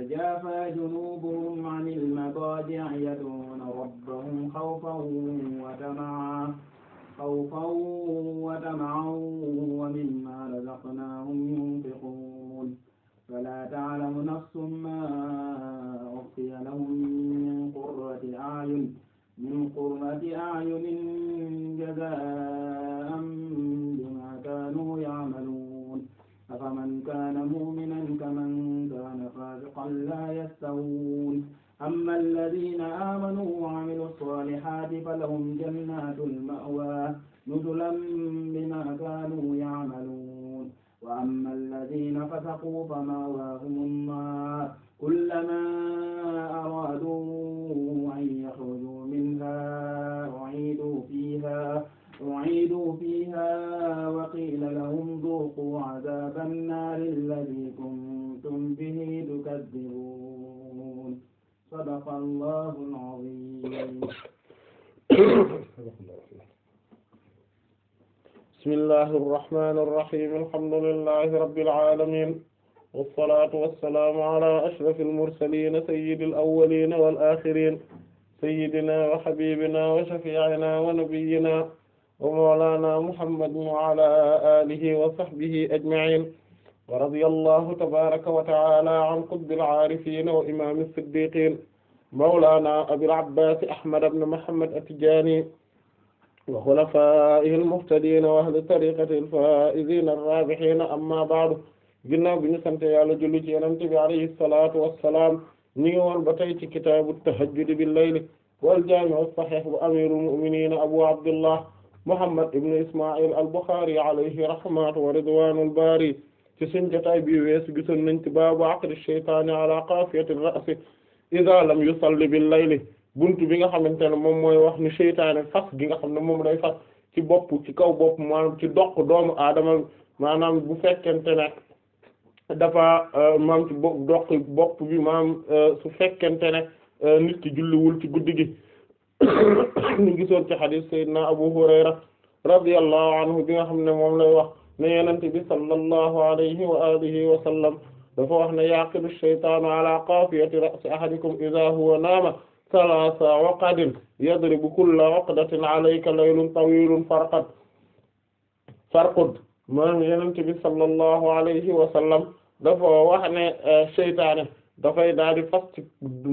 تتجافى جنوبهم عن المضاجع يدعون ربهم خوفا وطمعا خوفا وطمعا ومما رزقناهم ينفقون فلا تعلم نفس ما أخفي لهم من قرة أعين من قرة أعين جزاء حقا لا يستوون أما الذين آمنوا وعملوا الصالحات فلهم جنات المأوى نزلا بما كانوا يعملون وأما الذين فسقوا فمأواهم النار كلما أرادوا sadaqa allahu al-azim bismillahi arrahmani irrahim alhamdulillahi rabbil alamin wassalatu wassalamu ala ashrafil mursalin sayyidil awwalin wal akhirin sayyidina wa habibina wa shafi'ina wa nabiyyina wa mawlana muhammadin wa ala alihi wa sahbihi ajma'in wa radiyallahu tabaraka wa ta'ala an qutbil arifin wa imamil siddiqin mawlana abil abbas ahmad ibn muhammad at-tijani wa khulafaihi al-muhtadin wa ahli tariqatihi al-faizin ar-rabihin amma ba'du ginnaaw bi ñu sante yàlla julli ci yonent bi alayhi salatu wassalam ñu ngi woon ba tey ci kitaabu tahajjud bil layl wal jaami' as-sahih bu amirul mu'minin abu abdullah muhammad ibn isma'il al-bukhari alayhi rahmatu wa ridwanul bari ci suñu jotaay bi weesu gisoon nañ ci baabu aqd ash-shaytan ala qafiyati ar-ra's iza lam yusalli bil layli buntu bi nga xamante ne moom mooy wax ni seytaane fas gi nga xam ne moom lay fas ci bopp ci kaw bopp maanaam ci doq doomu aadama maanaam bu fekkente ne dafa euh, maam ci bopp doq bopp bi maam euh, su fekkente ne euh, nit ki julliwul ci guddi gi ñu gisoon ci xadiis Seydina Abu Hurayra radiyallahu anhu bi nga xam ne moom lay wax ne yenente bi sallallahu alayhi wa alihi wa dafa wax ne yaqidu shaytaanu ala qafiyati ra'si ahadikum idha huwa naama salaasa waqadin yadribu kulla waqdatin alayka laylun tawilun farqad farqud maanaam yenent bi sallallahu alayhi wa sallam dafa wax ne eh, seytaane dafay daal di fas ci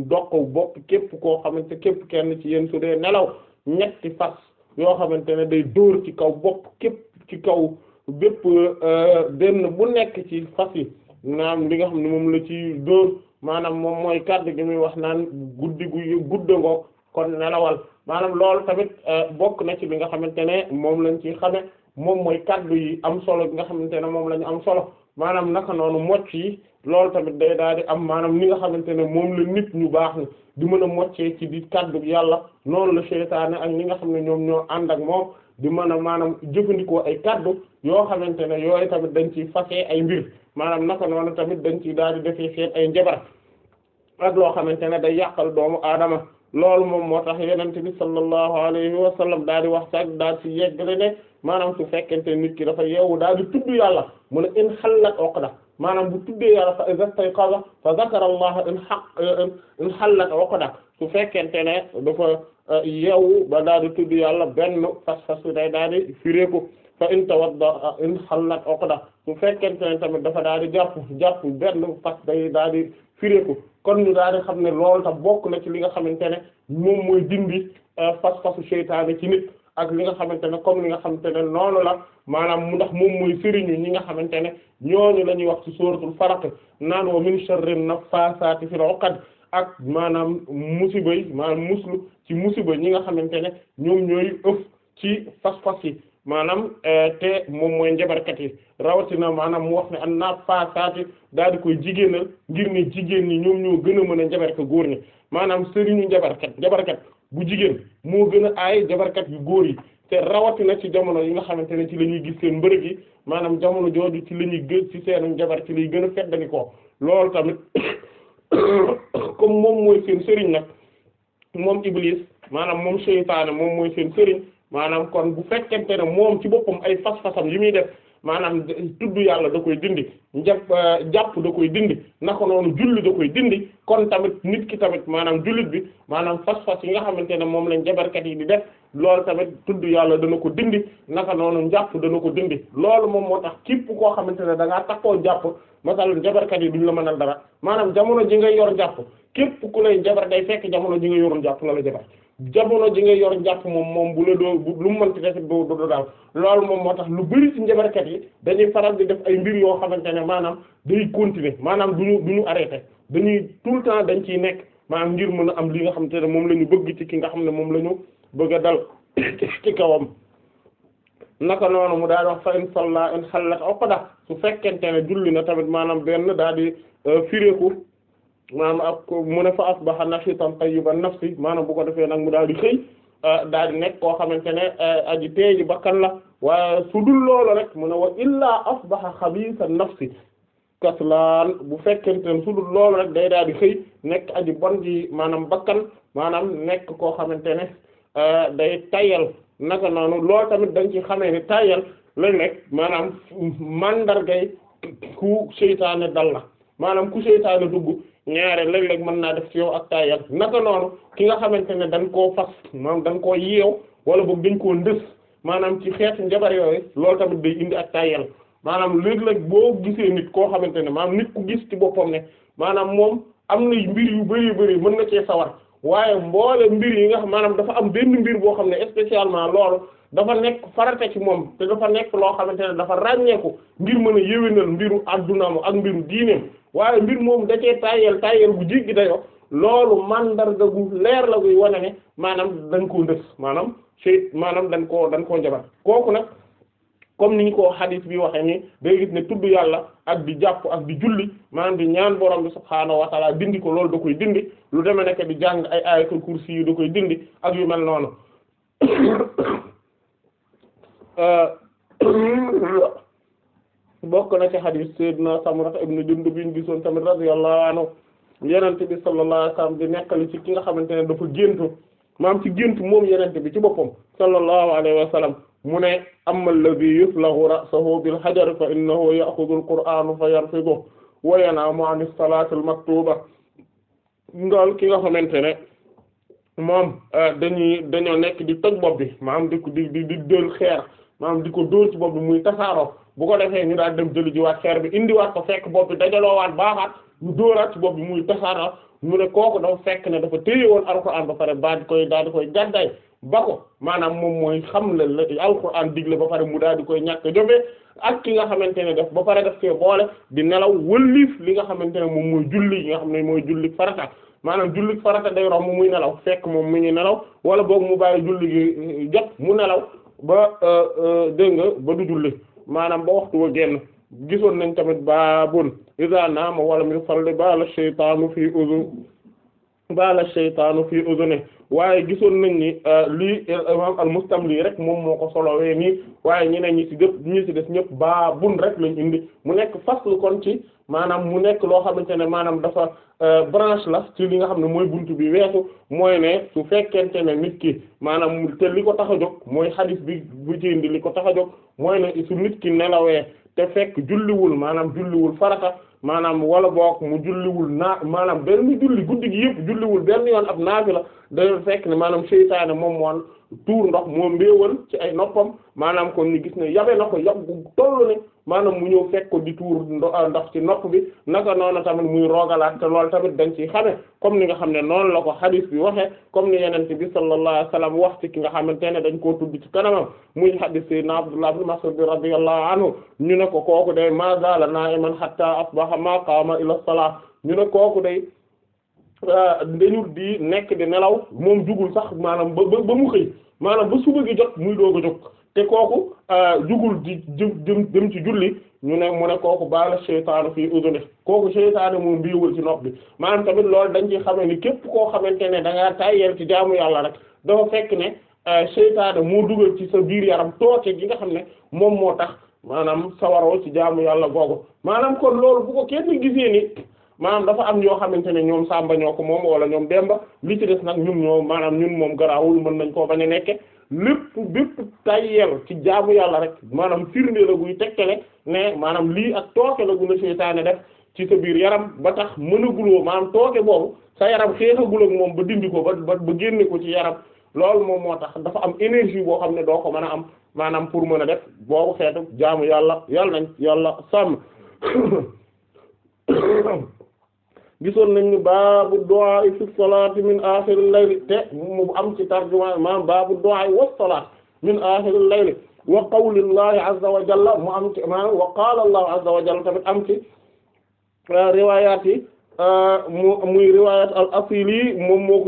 doq bopp képp koo xamante képp kenn ci yéen su dee nelaw ñetti fas yoo xamante ne day dóor ci kaw bopp képp ci kaw bépp eh, benn bu nekk ci fas yi maanaam li nga xam ne moom la ci dóor maanaam moom mooy kàddu gi muy wax naan guddi gu gudd ngoo kon nelawal maanaam lool tamit euh, bokk na ci li nga xamante ne moom lañ ci xame moom mooy kàddu yi am solo bi nga xamante ne moom la ñu am solo maanaam naka noonu mocc yi loolu tamit day daal di am maanaam ni nga xamante ne moom la nit ñu baax na di mën a moccee ci di kàddu yàlla noonu la seytaane ak ñi nga xam ne ñoom ñoo ànd ak moom di mën a maanaam jëfandikoo ay kàddu yoo xamante ne yooyu tamit dañ ciy fasee ay mbir maanaam naka noonu tamit dañ ciy daal di defee seen ay njabar ak loo xamante ne day yàqal doomu aadama loolu moom moo tax yenente bi sallallahu alayhi wa sallam daal di wax sax daal ci yeggale ne maanaam su fekkente nit ki dafa yeewu daal di tudd yàlla mu ne in xallat uqda maanaam bu tuddee yàlla fa iza istayqaza fa zakara allaha in xaq a xallat uqda su fekkente ne dafa yeewu ba daal di tudd yàlla benn fas fas day daal di fireeku fa in tawadda in xallat uqda su fekkente ne tamit dafa daal di jàpp jàpp benn fas day daal di firéeku kon ñu daal xam ne loolu tam bokk na ci li nga xamante ne moom mooy dindi fas-fasu euh, seytaane ci nit ak li nga xamante ne comme li nga xamante ne noonu la maanaam mu ndax moom mooy sëriñu ñi nga xamante ne ñooñu la ñuy wax ci suratul faraq naan wa min sharri nafaasaati fil uqad ak maanaam musiba yi maanaam muslu ci musiba ñi nga xamante ne ñoom ñooy ëf ci fas-fas yi maanaam eh, te moom mooy njabarkat yi rawatina maanaam mu wax ne an naa faasaati daal di koy jigéenal ngir ne jigéen ñi ñoom ñoo gën a mën a njabar góor ni maanaam sëriñu njabarkat njabarkat bu jigéen moo gën a aay njabarkat yu góor yi te rawatina ci jamono yi nga xamante ne ci la ñuy gis seen mbërëg yi maanaam jamono jooju ci la ñuy gën ci seen njabar ci lay gën a feddali ko loolu tamit comme moom mooy seen sëriñ nag moom iblis maanaam moom seytaane moom mooy seen maanaam kon bu fekkente ne moom ci boppam ay fas-fasam yi muy def maanaam tudd yàlla da koy dindi njàpp euh, jàpp da koy dindi naka noonu julli da koy dindi kon tamit nit ki tamit maanaam jullit bi maanaam fas-fas yi nga xamante ne moom lañ jabarkat yi di def loolu tamit tudd yàlla dana ko dindi naka noonu njàpp dana ko dindi loolu moom moo tax képp koo xamante ne dangaa ngaa takkoo jàpp masalan jabarkat yi duñ la mënal dara maanaam jamono ji ngay yor jàpp képp ku lay jabar day fekk jamono ji nga yorul jàpp la la jabar jamono ji nga yor njàpp moom moom bu la doo lu mu mënti defit du du daal loolu moom moo tax lu bari ci njabarkat yi dañuy faral di def ay mbir yoo xamante ne maanaam day continuer maanaam duñu du ñu arrêté dañuy tout le temps dañ ciy nekk maanaam ngir mën am li nga xamante ne moom la ñu bëgg ci ki nga xam ne moom la ñu bëgg a dal ci kawam naka noonu mu daal di wax fa in salla in xallat aw qada su fekkente ne julli na tamit maanaam benn daal di euh, firéeku maanaam ak mu ne fa asbaha nashitan tayyiban nafsi maanaam bu ko defee nag mu daal di xëy euh, daal di nekk koo xamante ne euh, aji teeji bakkan la waaye sudul loolo loolu rek mu ne wa illaa asbaha xabiisa nafsi kaslaan bu fekkente ne su dul loolu rek day daal di xëy nekk aji bon ji maanaam bakkan maanaam nekk koo xamante ne euh, day tayal naka noonu loolu tamit dañ ci xamee ne tayal la nekk maanaam mandargay ku seytaane dal na maanaam ku seytaane dugg ñaare léeg-léeg mën naa def ci yow ak taayal naka noonu ki nga xamante ne dañ koo fas maanaam dañ koo yeew wala boog dañ koo ndës maanaam ci xeetu njabar yooyu loolu tamit day indi ak taayal maanaam léeg-léeg boo gisee nit koo xamante ne maanaam nit ku gis ci boppam ne maanaam moom am na mbir yu bari bari mën na cee sawar waaye mboole mbir yi nga xam maanaam dafa am benn mbir boo xam ne spécialement loolu dafa nekk farata ci moom te dafa nekk loo xamante ne dafa ràññeeku ngir mën a yéwénal mbiru addunaam ak mbiru diineem waaye mbir moom da cee tayel tayel bu jéggi dayo loolu mandarga gu leer la guy wane ne maanaam dañ koo ndës maanaam seyt maanaam dañ koo dañ koo njabar kooku nag comme ni ñu ko xadis bi waxee ni day gis ne tudd yàlla ak di jàpp ak di julli maanaam di ñaan borom bi subhaanahu wa taala dindi ko loolu da koy dindi lu demee nekk di jàng ay ayatul kursi yu da dindi ak yu mel noonu Euh, bokk na ci xadiis Seydina Samura ibnu Jundub bi ñu gisoon tamit radiyallahu anhu yenente bi sallallahu alayhi wasallam di nekkali ci ki nga xamante ne dafa géntu maam ci géntu moom yenente bi ci boppam sallallahu alayhi wasallam mu ne amma alladhi yuflahu ra'sahu bil hajar fa innahu ya'khudhu al-qur'ana fa yarfiquhu wa yanaamu 'an as-salati al-maktuba ngal ki nga xamante ne moom euh, dañuy dañoo nekk di toj bopp bi maam di di di di dël xeer maanaam di ko dóor ci bopp bi muy tasaaroo bu ko defee ñu daal dem jëli waat xeer bi indiwaat ko fekk bopp bi dajaloowaat baaxaat ñu dóoraat ci bopp bi muy tasaaroo mu ne kooku dafa fekk ne dafa téye woon alxuraan ba pare baal di koy daal di koy jàdday ba ko maanaam moom mooy xam la alxuraan digle ba pare mu daal di koy ñàkk jofee ak ki nga xamante ne def ba pare def see boole di nelaw wëlliif li nga xamante ne moom mooy julli yi nga xam ne mooy julli farata maanaam julli farata day romb muy nelaw fekk moom mu ngi nelaw wala boog mu bàyyi julli gi jot mu nelaw ba euh, euh, dégg nga ba du julli maanaam ba waxtu wa génn gisoon nañ tamit baabun iza naama walam yusalli bala shaytaanu fi uzu baa baala shaytaanu fii udhuni waaye gisoon nañ ni euh, lii euh, imam al-Mustamli rek moom moo ko solowee nii waaye ñeneen ñi ci dëpp ñi ci def ñëpp baa bun rek lañ indi mu nekk faslu kon ci maanaam mu nekk loo xamante ne maanaam dafa euh, branche la ci li nga xam ne mooy bunt bi weesu mooy ne su fekkente ne nit ki maanaam te li ko tax a jóg mooy xadis bi bu ci indi li ko tax a jóg mooy ne su nit ki nelawee te fekk julliwul maanaam julliwul farata maanaam wala boog mu julliwul naa maanaam benn julli guddi gi yëpp julliwul benn yoon ab naafila dañoo fekk ne maanaam seytaane moom moon tuur ndox moo mbéewal ci ay noppam maanaam kon ñu gis ne yabe na ko yab gu toll ne maanaam mu ñëw fekk ko di tuur ah, ndox ci nopp bi naka noonu tamit muy roogalaat te loolu tamit dañ ciy comme ni nga xam ne noonu la ko hadith bi waxee comme ni yenente bi sallallahu alayhi wasallam wax ci ki nga xamante ne dañ koo tudd ci kanamam muy hadith sayyidina Abdullah ibn Mas'ud radiyallahu anhu ñu ne ko kooku day ma zala na'iman hatta asbaha ma qama ila salat ñu ne kooku day Euh, dañu di nekk di nelaw moom jugul sax maanaam ba ba mu xëy maanaam ba suba gi jot muy doog a jóg te kooku euh, jugul di jëm jëm ci julli ñu ne mu ne kooku baala seytaanu fii udune kooku seytaanu moom mbiiwul ci nopp bi maanaam tamit loolu dañ ci xamee ni képp koo xamante ne da ngaa tayyeel ci jaamu yàlla rek dafa fekk ne euh, seytaanu moo dugal ci sa biir yaram tooke gi nga xam ne moom moo tax maanaam sawaroo ci jaamu yàlla googu maanaam kon loolu bu ko kenn gisee ni maanaam dafa am ñoo xamante ne ñoom Samba ñoo ko moom wala ñoom Demba li ci des nag ñun ñoo maanaam ñun moom garaawul mën nañ koo bañ a nekke lépp bépp tayyel ci jaamu yàlla rek maanaam firnde la guy tegtale ne maanaam lii ak tooke la gu ne seytaane ci sa biir yaram ba tax mënaguloo maanaam tooke boobu sa yaram xeexagul ak moom ba dindi ko ba ba génne ko ci yaram lool moom moo tax dafa am énergie boo xam ne doo ko mën a am maanaam pour mën a def boobu xeetu jaamu yàlla yàlla nañ yàlla sàmm gisoon nañ ni baabu du'a fi salaati min aaxir al-layl mu am ci tarjuma maam baabu du'a wa salaat min aaxir al wa qawli llahi azza wa jalla mu am ci maanaam wa qaala allahu azza wa jalla tamit am ci euh, euh, mu muy al asili yi moom moo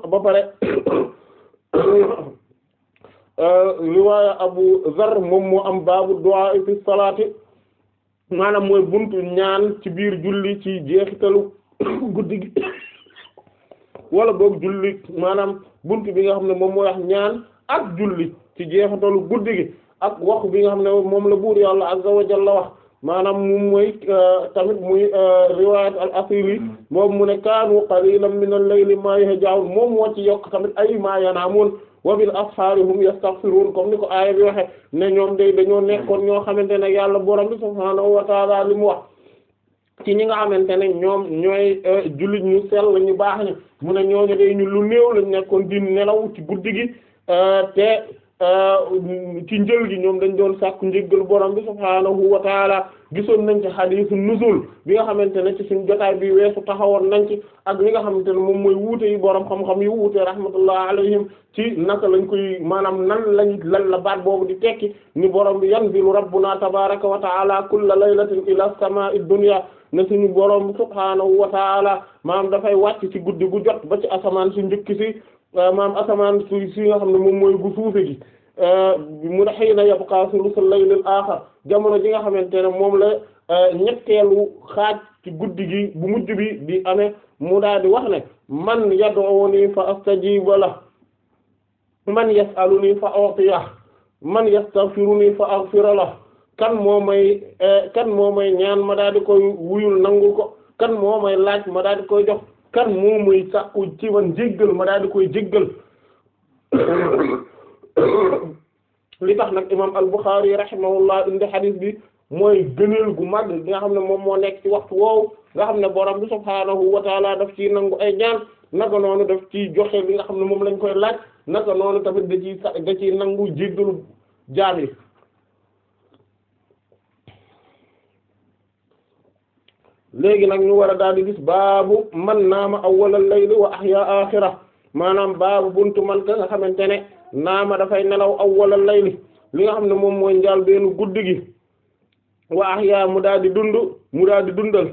ko ba pare euh, riwaaya Abu Zarr moom moo am baabu du'a fi salaati maanaam mooy buntu ñaan ci biir julli ci jeexitalu guddi gi wala boog julli maanaam buntu bi nga xam ne moom mooy wax ñaan ak julli ci jeexitalu guddi gi ak wax bi nga xam ne moom la buur yàlla azza wa jalla wax maanaam moom mooy euh, tamit muy euh, riwaayat al asili moom mu ne kaanu qalilan min al layli ma yahjaun moom moo yokk tamit ay ma yanaamun wa bil ashaari hum yastaghfiruun comme ni ko aaya bi waxe ne ñoom day dañoo nekkoon ñoo xamante ne yàlla borom bi subhaanahu wa ta'aala li mu wax ci ñi nga xamante ne ñoom ñooy euh, jullit ñu sell ñu baax ni mu ne ñooñu day ñu lu néew lañ nekkoon di nelaw ci guddi gi euh, te Euh, ci njël gi ñoom dañ doon sàkku njéggal borom bi subhaanahu wa taala gisoon nañ ci xadiisu nuzul bi nga xamante ne ci suñ jotaay bi weesu taxawoon nañ ci ak li nga xamante ne moom mooy wuute yi borom xam-xam yu wuute rahmatullah alayhim ci naka lañ koy maanaam nan lañ lan la baat boobu di tekki ni borom bi yanzilu rabbuna tabaaraka wa taala kulla laylatin ila samaa'i dunya ne suñu borom subhaanahu wa taala maanaam dafay wàcc ci guddi gu jot ba ci asamaan su njëkk maam asamaan si si nga xam ne moom mooy gu suufe gi euh, mu ne xëy na yabqa sulusul laylil aaxar jamono ji nga xamante ne moom la euh, ñetteelu xaaj ci guddi gi bu mujj bi bi amee mu daal di wax ne man yad'uni fa astajiba la man yas'aluni fa u'tiya man yastaghfiruni fa la kan moo may euh, kan moo may ñaan ma daal di koy wuyul nangul ko kan moo may laaj ma daal di koy jox kan moom muy sàkku ci man jéggal ma daal di koy jéggal li tax nag imam al-Bukhari rahimahullah indi hadith bi mooy gëneel gu mag bi nga xam ne moom moo nekk ci waxtu woowu nga xam ne borom bi subhaanahu wa taala daf ciy nangu ay ñaan naka noonu daf ciy joxe li nga xam ne moom lañ koy laaj naka noonu tamit da ciy da ciy nangu jéggalu jaam yi léegi nag ñu war a daal di gis baabu man naama awwalal layli wa ahya axira maanaam baabu buntu man ka nga xamante ne naama dafay nelaw awwalal layli li nga xam ne moom mooy njaal benn guddi gi wa ahya mu daal di dund mu daal di dundal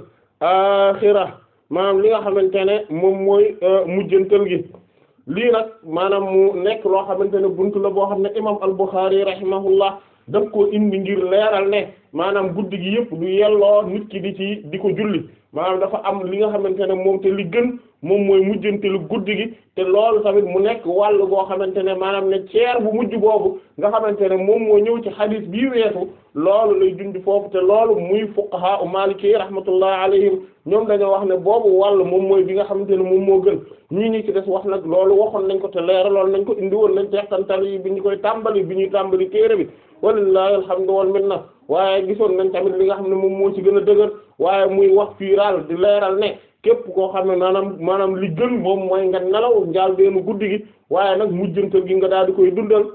axira maanaam li nga xamante ne moom mooy euh, mujjantal gi lii nag maanaam mu nekk loo xamante ne buntu la boo xam ne imam al-Bukhari daf ko indi ngir leeral ne maanaam guddi gi yëpp du yelloo nit ki di ci di ko julli maanaam dafa am li nga xamante ne moom te li gën moom mooy mujjantelu guddi gi te loolu tamit mu nekk wàll goo xamante ne maanaam ne ceer bu mujj boobu nga xamante ne moom moo ñëw ci xadiis bii weesu loolu lay junj foofu te loolu muy fuqaha u maliki rahmatullah alayhim ñoom dañoo wax ne boobu wàll moom mooy bi nga xamante ne moom moo gën ñii ñu ci des wax nag loolu waxoon nañ ko te leeraloon nañ ko indiwoon woon nañ teqantal yi bi ñu koy tàmbali bi ñuy tàmbali téere bi walillahi woon wal minna waaye gisoon nañ tamit li nga xam ne moom moo ci gën a dëgër waaye muy wax fiiral di leeral ne képp koo xam ne maanaam maanaam li gën moom mooy nga nelaw njaal beenu guddi gi waaye nag mujjantal gi nga daal di koy dundal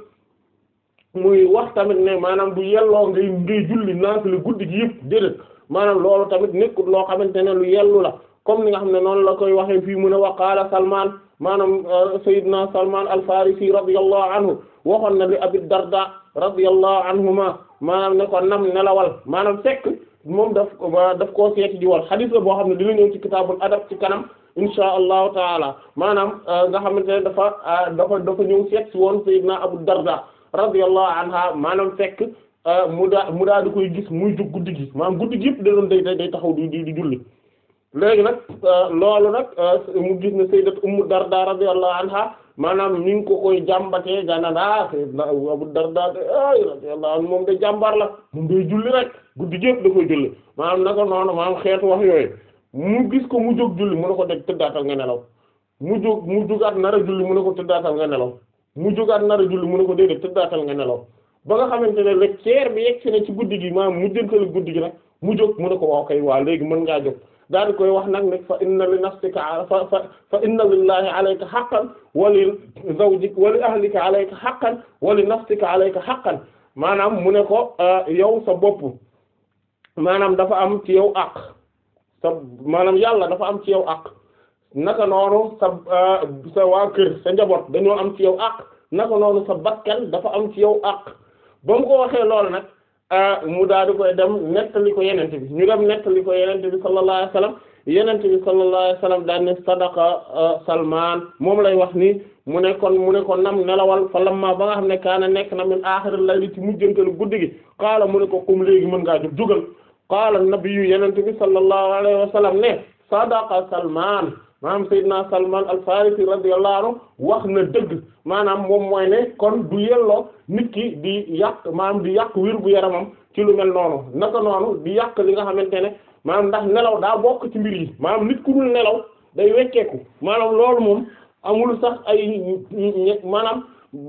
muy wax tamit ne maanaam du yelloo ngay ngay julli naafila guddi gi yëpp déedéet maanaam loolu tamit nekkul loo xamante ne lu yellu la comme ni nga xam ne noonu la koy waxe fii mu ne waqaala Salmaan maanaam euh, Seydina Salman al-Farisi radiyallahu anhu waxoon na li Abi Darda radiyallahu anhuma maanaam ne ko nam nelawal maanaam fekk moom daf daf koo seeti ji woon xadiis boo xam ne dina ñëw ci kitaabul adab ci kanam insha allahu taala maanaam euh, nga xamante ne dafa euh, dafa dafa ñëw seet si woon Seydina Abu Darda radiyallahu anha maanaam fekk mu daa mu daa di koy gis muy jug guddi gi maanaam guddi gi yëpp da doon day day taxaw di di julli. léegi nag euh, loolu nag euh, mu gis ne sayyidat ummu darda radiyallahu anha maanaam mi ngi ko koy jàmbatee ganana ah, sayyidna abu darda de ay radiyallahu moom de jàmbar la moom day julli rek guddi gépp da koy julli maanaam naka noonu maanaam xeetu wax yooyu mu gis ko mu jóg julli mu ne ko deg tëddaatal nga nelaw mu jóg mu jógaat nara julli mu ne ko tëddaatal nga nelaw mu jógaat nara julli mu ne ko déedéet tëddaatal nga nelaw ba nga xamante ne le ceer bi yegg si ne ci guddi gi maanaam mujjëntal guddi gi nag mu jóg mu ne ko waaw kay waa léegi mën ngaa daal di koy wax nag ne fa inna li nafsika fa fa fa inna lillahi alayka haqqan wa li zawjika wa li ahlika alayka haqqan wa li nafsika alayka haqqan maanaam mu ne ko ah, yow sa bopp maanaam dafa am ci yow àq sa maanaam yàlla dafa am ci yow àq naka noonu sa ah, sa waa kër sa njaboot dañoo am ci yow àq naka noonu sa bakkan dafa am ci yow àq ba mu ko waxee loolu nag mu daal di koy dem nettali ko yenente bi ñu dem nettali ko yenente bi sallallahu alayhi wasallam yenente bi sallallahu alayhi wasallam daal ne sadaqa salman moom lay wax ni mu ne kon mu ne ko nam nelawal fa lamma ba nga xam ne kaana nekk na min aaxiral layli ci mujjantalu guddi gi xaala mu ne ko kum léegi mën ngaa jóg jógal xaala nabi yu yenente bi sallallahu alayhi wasallam ne sadaqa salman maanaam Seydina Salman al-Farisi radiyallahu anhu wax na dëgg maanaam moom mooy ne kon du yelloo nit ki di yàq maanaam di yàq wér gu yaramam ci lu mel noonu naka noonu di yàq li nga xamante ne maanaam ndax nelaw daa bokk ci mbir yi maanaam nit ku dul nelaw day wekkeeku maanaam loolu moom amul sax ay maanaam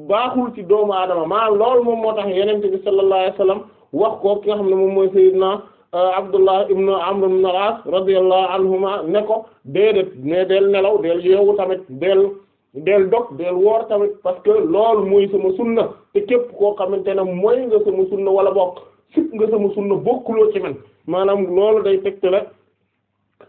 baaxul ci doomu aadama maanaam loolu moom moo tax yenente bi sallallahu alayhi wasallam wax ko ki nga xam ne moom mooy Seydina Euh, Abdullah ibn Amr ibn al-As radiyallahu anhuma ne ko déedéet mais del nelaw del yeewu tamit del del dog del woor tamit parce que loolu mooy sama sunna te képp koo xamante ne mooy nga sama sunna wala bokk sip nga sama sunna bokkuloo ci man maanaam loolu day tegtale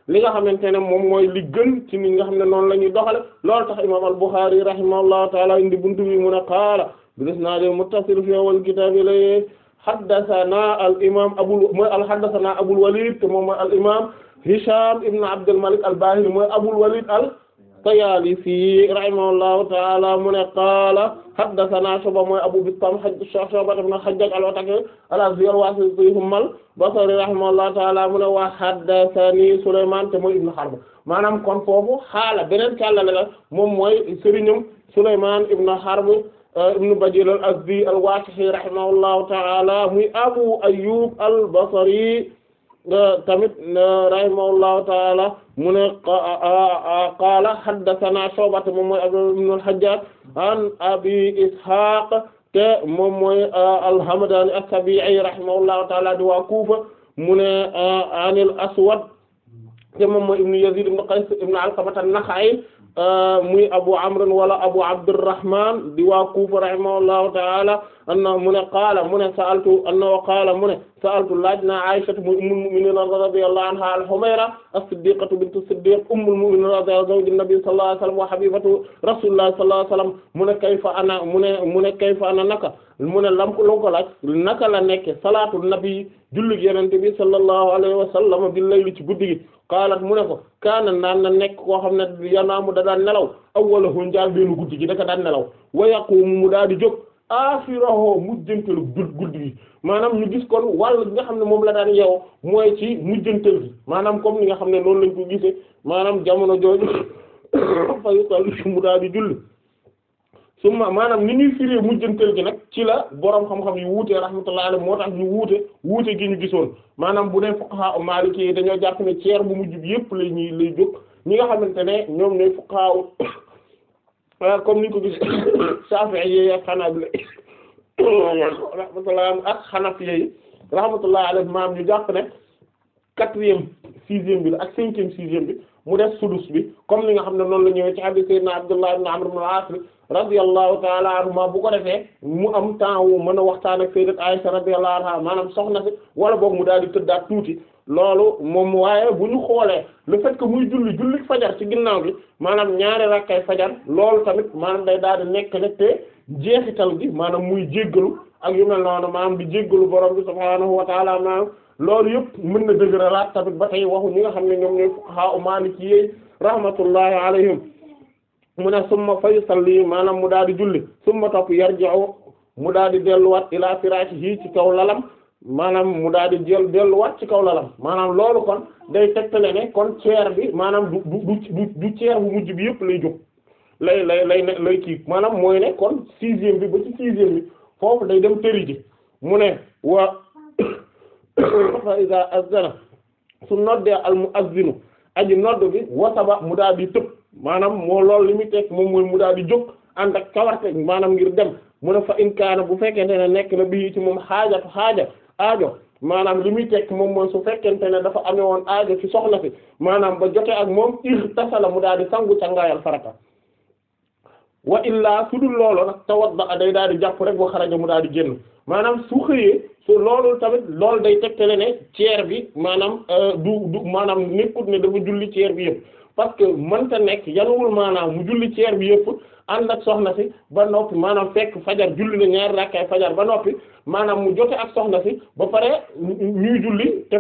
li nga xamante ne moom mooy li gën ci ni nga xam ne noonu la ñuy doxale loolu tax imam al-Bukhari rahimahullahu taala indi buntu bi mun a qaala bi isnaadil muttasil fi awal kitaab ilay xaddasanaa al imaam abul mooy al xaddasanaa abul walid te moom mooy al imaam Hicham Ibn Abdel Malik al Bahili mooy abul walid al Tayaalisi rahimahullahu taala mu ne qaala xaddasanaa Shu'ba mooy abu Bistaam Shu'ba ibn Hajjaaj al Ataki al Azdi al Waasiti al Basri rahimahullahu taala mu ne wa xaddasanii Souleymane te mooy Ibn Harb maanaam kon foofu xaala beneen kàlla la moom mooy sëriñam Souleymane Ibn Harb. Euh, ibnu Bajil al-Azdi al-Waqifi rahimahullahu ta'ala muy Abu Ayyub al-Basri tamit rahimahullahu ta'ala mu ne qaala haddathana Shu'ba moom mooy ibnu al-Hajjaj an Abi Ishaq te moom mooy al-Hamdani as-Sabi'i rahimahullahu ta'ala di waa Kufa mu ne an al-Aswad te moom mooy ibnu Yazid ibnu Qays ibnu Alqamah an-Nakha'i Euh, muy abu amr wala abu abdurrahman di waa kuufa rahimahullahu taala anna mu ne qaala mu ne sa'altu anna qaala mu ne sa'altu laaj naa Aisha ummul mu'minin radiyallahu anha al-Humayra as-siddiqatu bintu siddiq ummul mu'minin radiyallahu zawju nabi sallallahu alayhi wa sallam wa habibatu rasulillahi sallallahu alayhi wa sallam mu ne kayfa ana mu ne mu ne kayfa ana naka mu ne lam lu ko laaj naka la nekke salaatu nabi julli yenente bi sallallahu alayhi wa sallam bil layli ci guddi gi qaalat mu ko kaana naan na nekk koo xam ne yanaamu da daan nelaw awwalahu njaal beenu guddi gi daka daan nelaw wa yaqumu mu daa di jóg aafirahu mujjantelu guddi gi maanaam ñu gis kon wàll bi nga xam ne moom la daan yeewoo mooy ci mujjantal gi maanaam comme ni nga xam ne noonu lañ ko gisee maanaam jamono jooju fa yusalli mu daa di julli summa maanaam ni ñuy firee mujjantal gi nag ci la borom xam-xam yu wuute rahmatullahi alayhi moo tax ñu wuute wuute gi ñu gisoon maanaam bu dee fuqaha maliki yi dañoo jàpp ne ceer bu mujj bi yëpp la ñuy lay jóg ñi nga xamante ne ñoom ñooy fuqaha comme niñ ko gis Shafi'i yi ak Hanabila rahmatullahi ak Hanafi yi rahmatullahi alayhi maam ñu jàpp ne quatrième sixième bi la ak cinquième sixième bi mu def sudus bi comme li nga xam ne noonu la ñëwee ci hadith Sayyidina Abdullah ibn Amr ibn al-As radiyallahu taala anhuma bu ko defee mu am temps wu mën a waxtaan ak sayyidat Aisha radiyallahu anha maanaam soxna si wala boog mu daal di tëddaat tuuti loolu moom waaye bu ñu xoolee le fait que muy julli julli fajar ci ginnaaw gi maanaam ñaari rakkay fajar loolu tamit maanaam day daal di nekk nag te jeexital gi maanaam muy jéggalu ak yu mel noonu maanaam di jéggalu borom bi subhaanahu wa taala maanaam loolu yëpp mën na dëgëralaat tamit ba tey waxu ñi nga xam ne ñoom ñooy fuqaha u Maliki yi rahmatullahi alayhim mu ne summa fa yusalli maanaam mu daal di julli summa topp jaw mu daal di delluwaat ilaa firaashihi ci kaw lalam maanaam mu daal di jël delluwaat ci kaw lalam maanaam loolu kon day tegtale ne kon ceer bi maanaam du du du ceer bu mujj bi yëpp lay jóg lay lay lay lay kii maanaam mooy ne kon sixième bi ba ci sixième bi foofu day dem tëri ji mu ne wa fa iza azzana su noddee al muazzinu aji nodd bi wasaba mu daal di tëb maanaam moo loolu li muy teg moom mooy mu daal di jóg ànd ak kawarte maanaam ngir dem mu ne fa inkaana bu fekkente ne nekk na bii ci moom xaajatu xaaja aajo maanaam li muy teg moom mooy su fekkente ne dafa amee woon aajo ci soxna fi maanaam ba jotee ak moom ir tasa la mu daal di sangu cangaayal farata wa illaa su dul loolu nag tawadda day daal di jàpp rek wa xaraja mu daal di génn maanaam su xëyee su loolu tamit loolu day tegtale ne ceer bi maanaam euh, du du maanaam nekkut ne dafa julli bi parce que mënta nekk yanuwul maanaam mu julli ceer bi yëpp ànd ak soxna si ba noppi maanaam fekk fajar julli na ñaari rakkay fajar ba noppi maanaam mu jote ak soxna si ba pare ñuy julli te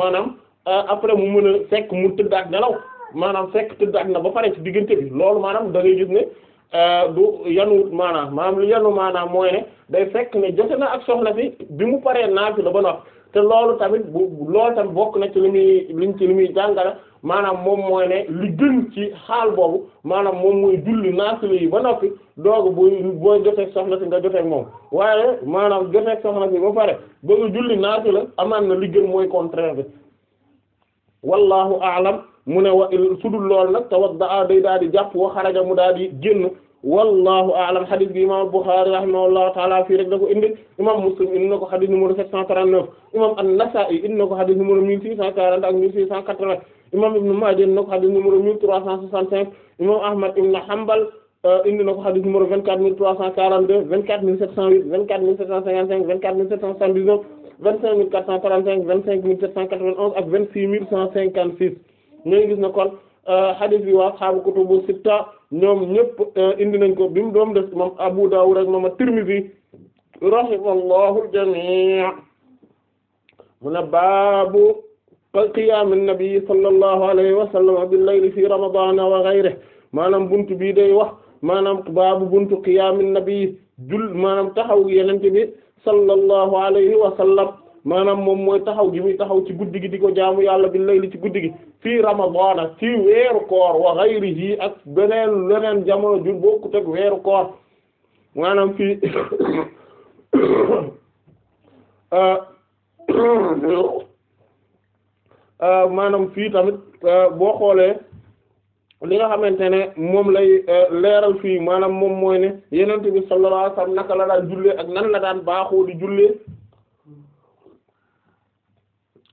maanaam euh, après mu mën a fekk mu tëdd ak nelaw maanaam fekk tëdd ak na ba pare ci diggante bi loolu maanaam da ngay gis ne euh, du yanuwut maanaam maanaam lu yanu maanaam mooy ne day fekk ne jote na ak soxna si bi mu paree naafi la ba noppi te loolu tamit bu loolu tamit bokk na ci li muy liñ ci li muy jàngale maanaam moom mooy ne li gën ci xaal boobu maanaam moom mooy julli naafila yi ba noppi doogu bu booy joteeg soxna si nga jotee moom waaye maanaam joteeg soxna si ba pare ba nga julli naafila amaan na li gën mooy contraire bi wallahu aalam mu ne wa dul lool nag tawadda day daal di jàpp wa xaraja mu daal di génn wallahu a'lam hadith bi imam Bukhari rahimahullahu taala fii rek da ko indi imam Muslim indi na ko hadith numéro 739 imam An-Nasa'i indi na ko hadith numéro 1640 ak 1680 imam Ibn Majah indi na ko hadith numéro 1365 imam Ahmad ibn Hanbal euh, indi na ko hadith numéro 24342 24708 24755 24779 25435 25791 ak 26156 ngay gis na kon Euh, hadith bi waa ashaabu kutubu sitta ñoom ñëpp euh, indi nañ ko bi mu doom des moom Abu Dawud ak moom at-Tirmidhi rahimallahu al-jamii' mu ne baabu qiyaam an-nabi sallallahu alayhi wa sallam bil-layli fi ramadan wa ghayrihi maanaam buntu bi day wax maanaam baabu buntu qiyaam an-nabi jul maanaam taxaw yonent bi sallallahu alayhi wa sallam maanaam moom mooy taxaw gi muy taxaw ci guddi gi di ko jaamu yàlla bil-layli ci guddi gi fii ramadana ci weeru koor wa ghayrihi ak beneen leneen jamono ju bokkut ak weeru koor maanaam fii maanaam fii tamit boo xoolee li nga xamante ne moom lay leeral fii maanaam moom mooy ne yenent bi sallallahu alayhi naka la daan jullee ak nan la daan baaxoo di jullee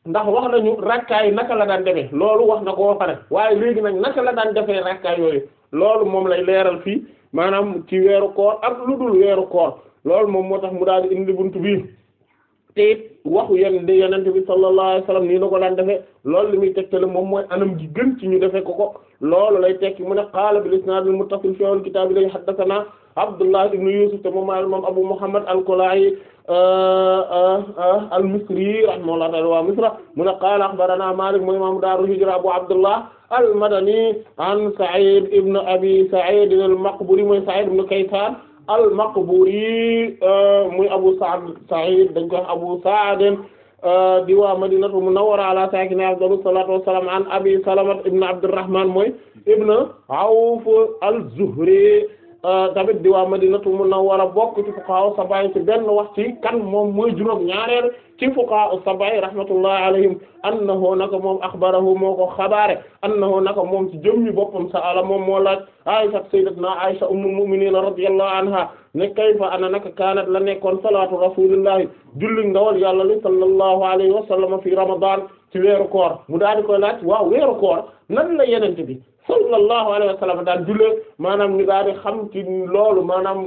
ndax wax nañu rakkaay naka la daan defee loolu wax na koo ba pare waaye léegi nag naka la daan defee rakkaay yooyu loolu moom lay leeral fii maanaam ci weeru koor ak lu dul weeru koor loolu moom moo tax mu daal di indi buntu bii te waxu yenn yenente bi sallallahu alayhi wasallam nii la ko daan defee lool li muy tegtale moom mooy anam gi gën ci ñu defee ko ko loolu lay tekki mu ne qaala bil isnaad al muttasil fi al kitaab lay haddathana Abdullah ibn Yusuf te moom maal moom Abu Muhammad al-Kala'i al-Misri rahimahullahu ta'ala wa Misra mu ne qaala akhbarana Malik mooy imaam daaru hijra Abu Abdullah al-Madani an Sa'id ibn Abi Sa'id al-Maqburi mooy Sa'id ibn Kaysan al-Maqburi euh, muy Abu Sa'd Sa'id dañ ko wax Abu Sa'd euh, di waa Madinatu Munawwara ala saakinihaa afdalu salaatu wa salaam an Abi Salama ibn Abdurrahman mooy ibn Awf al-Zuhri Euh, tamit di waa Madinatu Munawwara bokk ci fuqaha sabay ci benn wax ci kan moom mooy juróom ñaareel ci fuqaha sabay rahmatullahi alayhim annahu naka moom axbarahu moo ko xabaare annahu naka moom ci jëmmi boppam sa'ala moom moo laaj Aysa sayyidatuna Aysa ummul mu'minin radiyallahu anha ne kayfa ana naka kaanat la nekkoon salaatu rasulillahi julli ndawal yàlla li sallallahu alayhi wa sallam fi ramadan ci weeru koor mu daal di koy laaj waaw weeru koor nan sallallahu alayhi wa sallam daal jullee maanaam ñu daal di xam ci loolu maanaam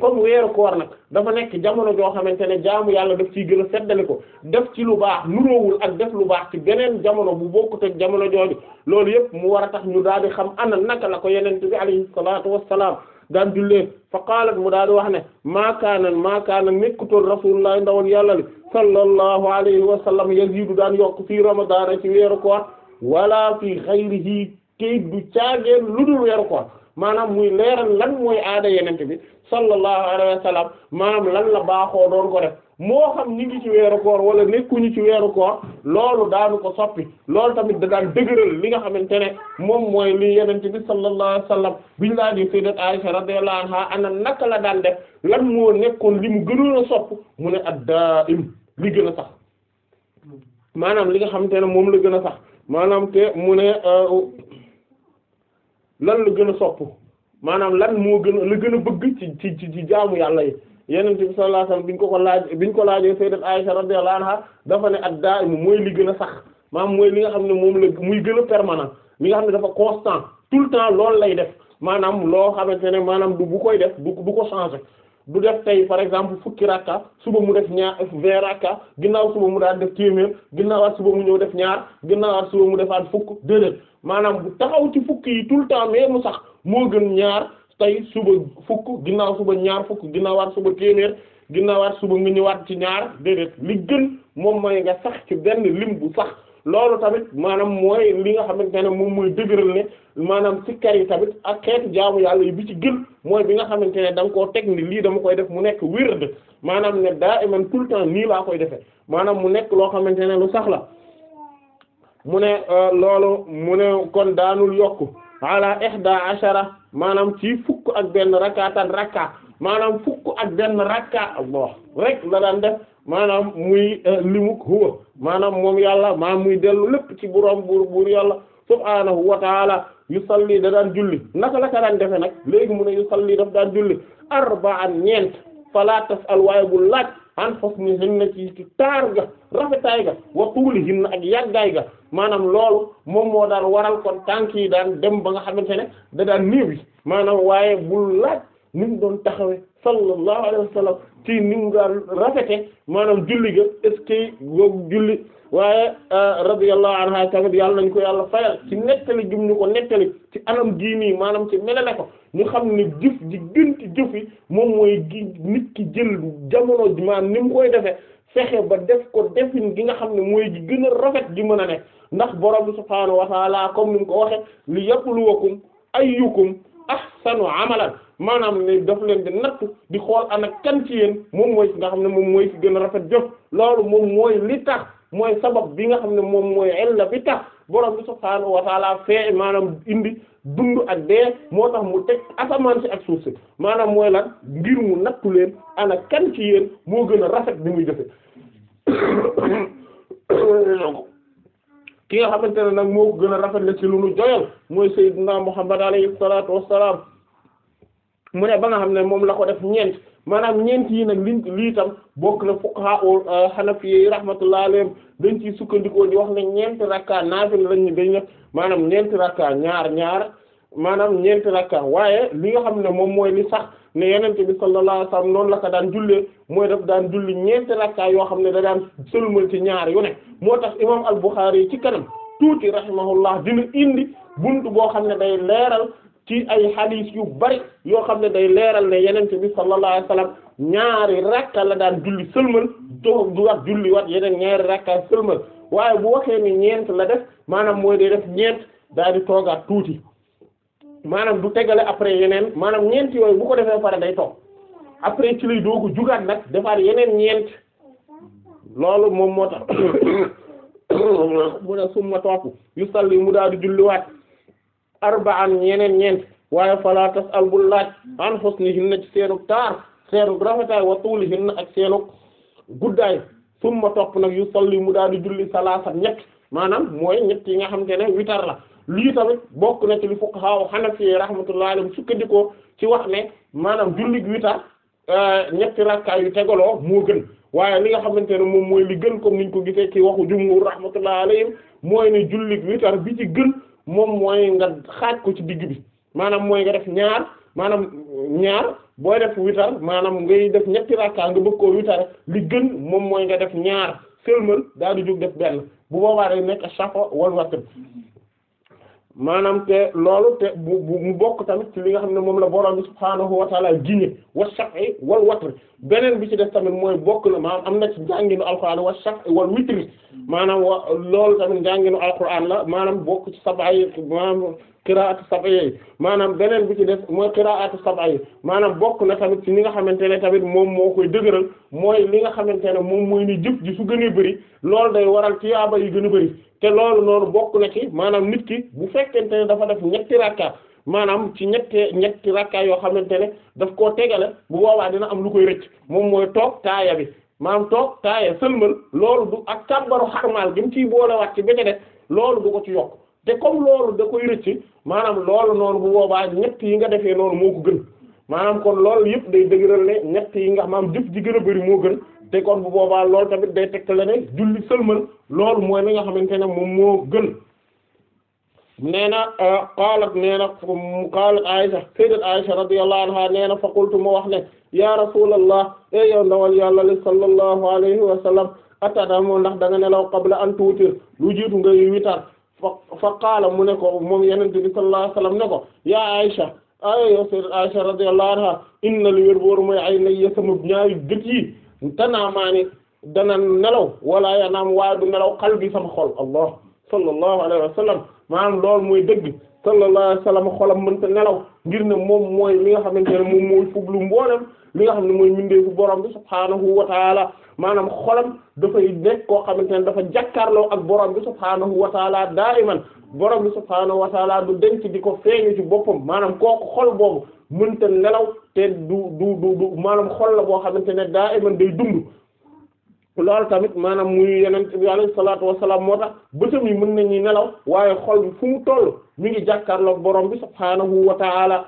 comme weeru koor nag dafa nekk jamono joo xamante ne jaamu yàlla def ci gën a ko def ci lu baax nuróowul ak def lu baax ci beneen jamono bu bokkut ak jamono jooju loolu yëpp mu war a tax ñu daal di xam ana naka la ko yeneen bi alayhi salaatu wassalaam daan jullee fa qaalat mu daal di wax ne maakaanan maakaanan nekkutoon rasulullah ndawal yàlla li sallallahu alayhi wa sallam yaziidu daan yokk fii te du caageen lu dul weeru koor maanaam muy leeral lan mooy aada yenente bi sallallahu alayhi wa sallam maanaam lan la baaxoo doon ko def moo xam ñu ngi ci weeru koor wala nekkuñu ci weeru koor loolu daanu ko soppi loolu tamit da daan dëgëral li nga xamante ne moom mooy li yenente bi sallallahu alayhi bi sallam biñu laa ji sayyidat Aisha radiyallahu ana naka la daan def lan moo nekkoon li mu gënoon a sopp mu ne ad-daa'im li gën a sax maanaam li nga xamante ne moom la gën a sax maanaam te lan la gën a sopp maanaam lan moo gën a la gën a bëgg ci ci ci jaamu yàlla yi yenente bi sallallahu alayhi wasallam biñ ko ko laaj biñ ko laajee sayyidat Aisha radiyallahu anha dafa ne ad-da'im mooy li gën a sax maam mooy li nga xam ne moom la muy gën a permanent li nga xam ne dafa constant tout le temps lool lay def maanaam loo xamante ne maanaam du bu koy def du bu ko changer du def tey par exemple fukki rakka suba mu def ñaar vingt rakka ginnaaw suba mu daan def téeméer ginnaawaat suba mu ñëw def ñaar ginnaawaat suba mu defaat fukk déedéet maanaam bu taxaw ci fukk yi tout le temps mais mu sax moo gën ñaar tey suba fukk ginnaaw suba ñaar fukk ginnaawaat suba téeméer ginnaawaat suba nga ñëwaat ci ñaar déedéet li gën moom mooy nga sax ci benn lim bu sax. loolu tamit maanaam mooy li nga xamante ne moom mooy dëgëral ne maanaam sikkar yi tamit ak xeetu jaamu yàlla yi bi ci gën mooy bi nga xamante ne da koo teg lii dama koy def mu nekk wird maanaam ne daa iman tout le temps nii laa koy defee maanaam mu nekk loo xamante ne lu sax la mu ne euh, loolu mu ne kon daanul yokk ala ihda ashara maanaam ci fukk ak benn rakkaatan rakka maanaam fukk ak benn rakka Allah rek la daan def maanaam muy eh, limuk huwa maanaam moom yàlla maanaam muy dellu lépp ci boroom buur buur yàlla subhaanahu wa taala yu salli da daan julli naka la ka daan defe nag léegi mu ne yu salli daf daan julli arba'an ñeent fala tas'al waaye bu laaj an husni hinna ci ci taar ga rafetaay ga wa tuuli hinna ak yàggaay ga maanaam loolu moom moo daan waral kon tànk yi daan dem ba nga xamante ne da daan néew maanaam waaye bu laaj ni doon taxawe sallallahu alayhi wa ci ni mu rafete maanaam julli ga est-ce que boobu julli waaye euh, radiyallahu anha tamit yàlla nañ ko yàlla fayal ci nettali jum ñu ko nettali ci anam gii nii maanaam ci melale ko ñu xam ne jëf ji gën ci moom mooy gi nit ki jël jamono ji maanaam koy defee fexe ba def ko defin gi nga xam ne mooy gi gën rafet ji mën a ne ndax borom bi subhaanahu wa ta'ala comme ni mu ko waxe li yabluwakum ayyukum ahsanu amalan maanaam ne daf leen di natt di xool ana kan ci yéen moom mooy nga xam ne moom mooy ci gën a rafet jëf loolu moom mooy li tax mooy sabab bi nga xam ne moom mooy illa bi tax borom bi maanaam indi dund ak dee moo tax mu teg asamaan si ak suuf maanaam mooy lan ngir mu nattu leen ana kan ci yéen moo gën a rafet bi muy jëfe ki nga xamante ne nag moo gën a rafet la ci lu nu joyal mooy sayyidina Muhammad alayhi salaatu wassalaam mu ne ba nga xam ne moom la ko def ñeent maanaam ñeent yi nag liñ lii tam bokk na fuqaha u xanafi uh, rahmatullah alayhim dañ ciy sukkandikoo di wax ne ñeenti rakka naafila lañ ñu dañ def maanaam ñeenti rakka ñaar ñaar maanaam ñeenti rakka waaye li nga xam ne moom mooy li sax ne yenente bi sallallahu alayhi wasallam noonu la ko daan jullee mooy daf daan julli ñeent rakka yoo xam ne da daan sëlmal ci ñaar yu ne moo tax imam al-Bukhari ci kanam tuuti rahimahullah dina indi buntu boo xam ne day leeral ci ay hadith yu bari yoo xam ne day leeral ne yenente bi sallallahu alayhi wasallam ñaari rakka la daan julli sëlmal do du wax yeneen ñaari rakka sëlmal waaye bu waxee ni ñeent la def maanaam mooy day def ñeent daal di toogaat tuuti maanaam du tegale après yeneen maanaam ñeent yooyu bu ko defee pare day toog après ci lay doogu jugaat nag defaat yeneen ñeent loolu moom moo tax mu ne summa topp yu salli mu daal di julliwaat arba'an yeneen ñeent waaye fala tas'al bul laaj an husnihinna ci seenug taar seenug rafetaay wa tuulihinna ak seenug guddaay summa topp nag yu salli mu daal di julli salaasa ñett maanaam mooy ñetti yi nga xam te ne witar la lii tamit bokk na ci li fuqaha hanafi rahmatullahi alayhim sukkandikoo ci wax ne maanaam julli witar euh, ñetti rakka yu tegaloo moo gën waaye li nga xamante ne moom mooy li gën comme niñ ko gisee ci waxu jumhur rahmatullahi alayhim mooy ne julli bi moom mooy nga xaaj ko ci digg bi maanaam mooy nga def ñaar maanaam ñaar boo def witar maanaam ngay def ñetti rakka nga bëgg koo witare li gën moom mooy nga def ñaar sëlmal daal di jóg def benn bu boobaa day nekk safa wal watr maanaam te loolu te mu bokk tamit ci li nga xam ne moom la borom bi subhaanahu wa taala gine wa shaf'i wal watr beneen bi ci def tamit mooy bokk na maanaam am na ci njànginu wa shaf'i wal witri maanaam wa loolu tamit njànginu la maanaam bokk ci sab'a yi maanaam qira'atu sab'a yi maanaam beneen bi ci def mooy qira'atu sab'a yi maanaam bokk na tamit ci li nga xamante ne tamit moom moo koy dëgëral mooy li nga xamante ne moom mooy ni jëf ji su gën a bëri loolu day waral tiyaaba yi gën a bëri te loolu noonu bokk na ci maanaam nit ki bu fekkente ne dafa def ñetti rakka maanaam ci ñetti ñetti rakka yoo xamante ne daf koo tegale bu boobaa dina am lu koy rëcc moom mooy toog taaya bi maanaam toog taaya sëlmal loolu du ak kàbbaru xarmaal gi mu ciy waat ci bëccëg loolu du ko ci yokk te comme loolu da koy rëcc maanaam loolu noonu bu boobaa ñett yi nga defee noonu moo ko gën maanaam kon loolu yëpp day dëgëral ne ñett yi nga maanaam jëf ji gën a bari moo gën. te kon bu boobaa loolu tamit day tegtale ne julli sëlmal loolu mooy li nga xamante ne moom moo gën nee na euh, qaalat nee na qaalat Aisha sayyidat Aisha radiyallahu anha nee na fa qultu mu wax ne ya rasulallah e yow ndawal yàlla li sallallahu alayhi wa sallam ndax da nga nelaw qabla an tuutir lu jiitu ngay witar fa fa qaala mu ne ko moom yenente bi sallallahu alayhi ne ko ya Aisha ayo yow sayyidat Aisha radiyallahu anha inna li wér booru mooy ay na ya sama ñaari tanaamaani dana nelaw wala yanaam waaye du nelaw qalbi sama xol allah sallallahu alayhi wa sallam maanaam loolu mooy dëgg sallallahu alayhi wa sallam xolam mënta nelaw ngir ne moom mooy li nga xamante ne moom mooy fublu mboolem li nga xam ne mooy mindeefu borom bi subhaanahu wa taala maanaam xolam dafay nekk koo xamante ne dafa jàkkaarloo ak borom bi subhaanahu wa taala daa iman borom bi subhaanahu wa taala du denc di ko feeñu ci boppam maanaam kooku xol boobu mënta nelaw te du du du maanaam xol la boo xamante ne daa iman day dund loolu tamit maanaam muy yeneen bi alayhi salaatu wassalaam moo tax bëtam yi mën nañuy nelaw waaye xol fu mu toll mi ngi jàkkaarloog borom bi subhaanahu wa taala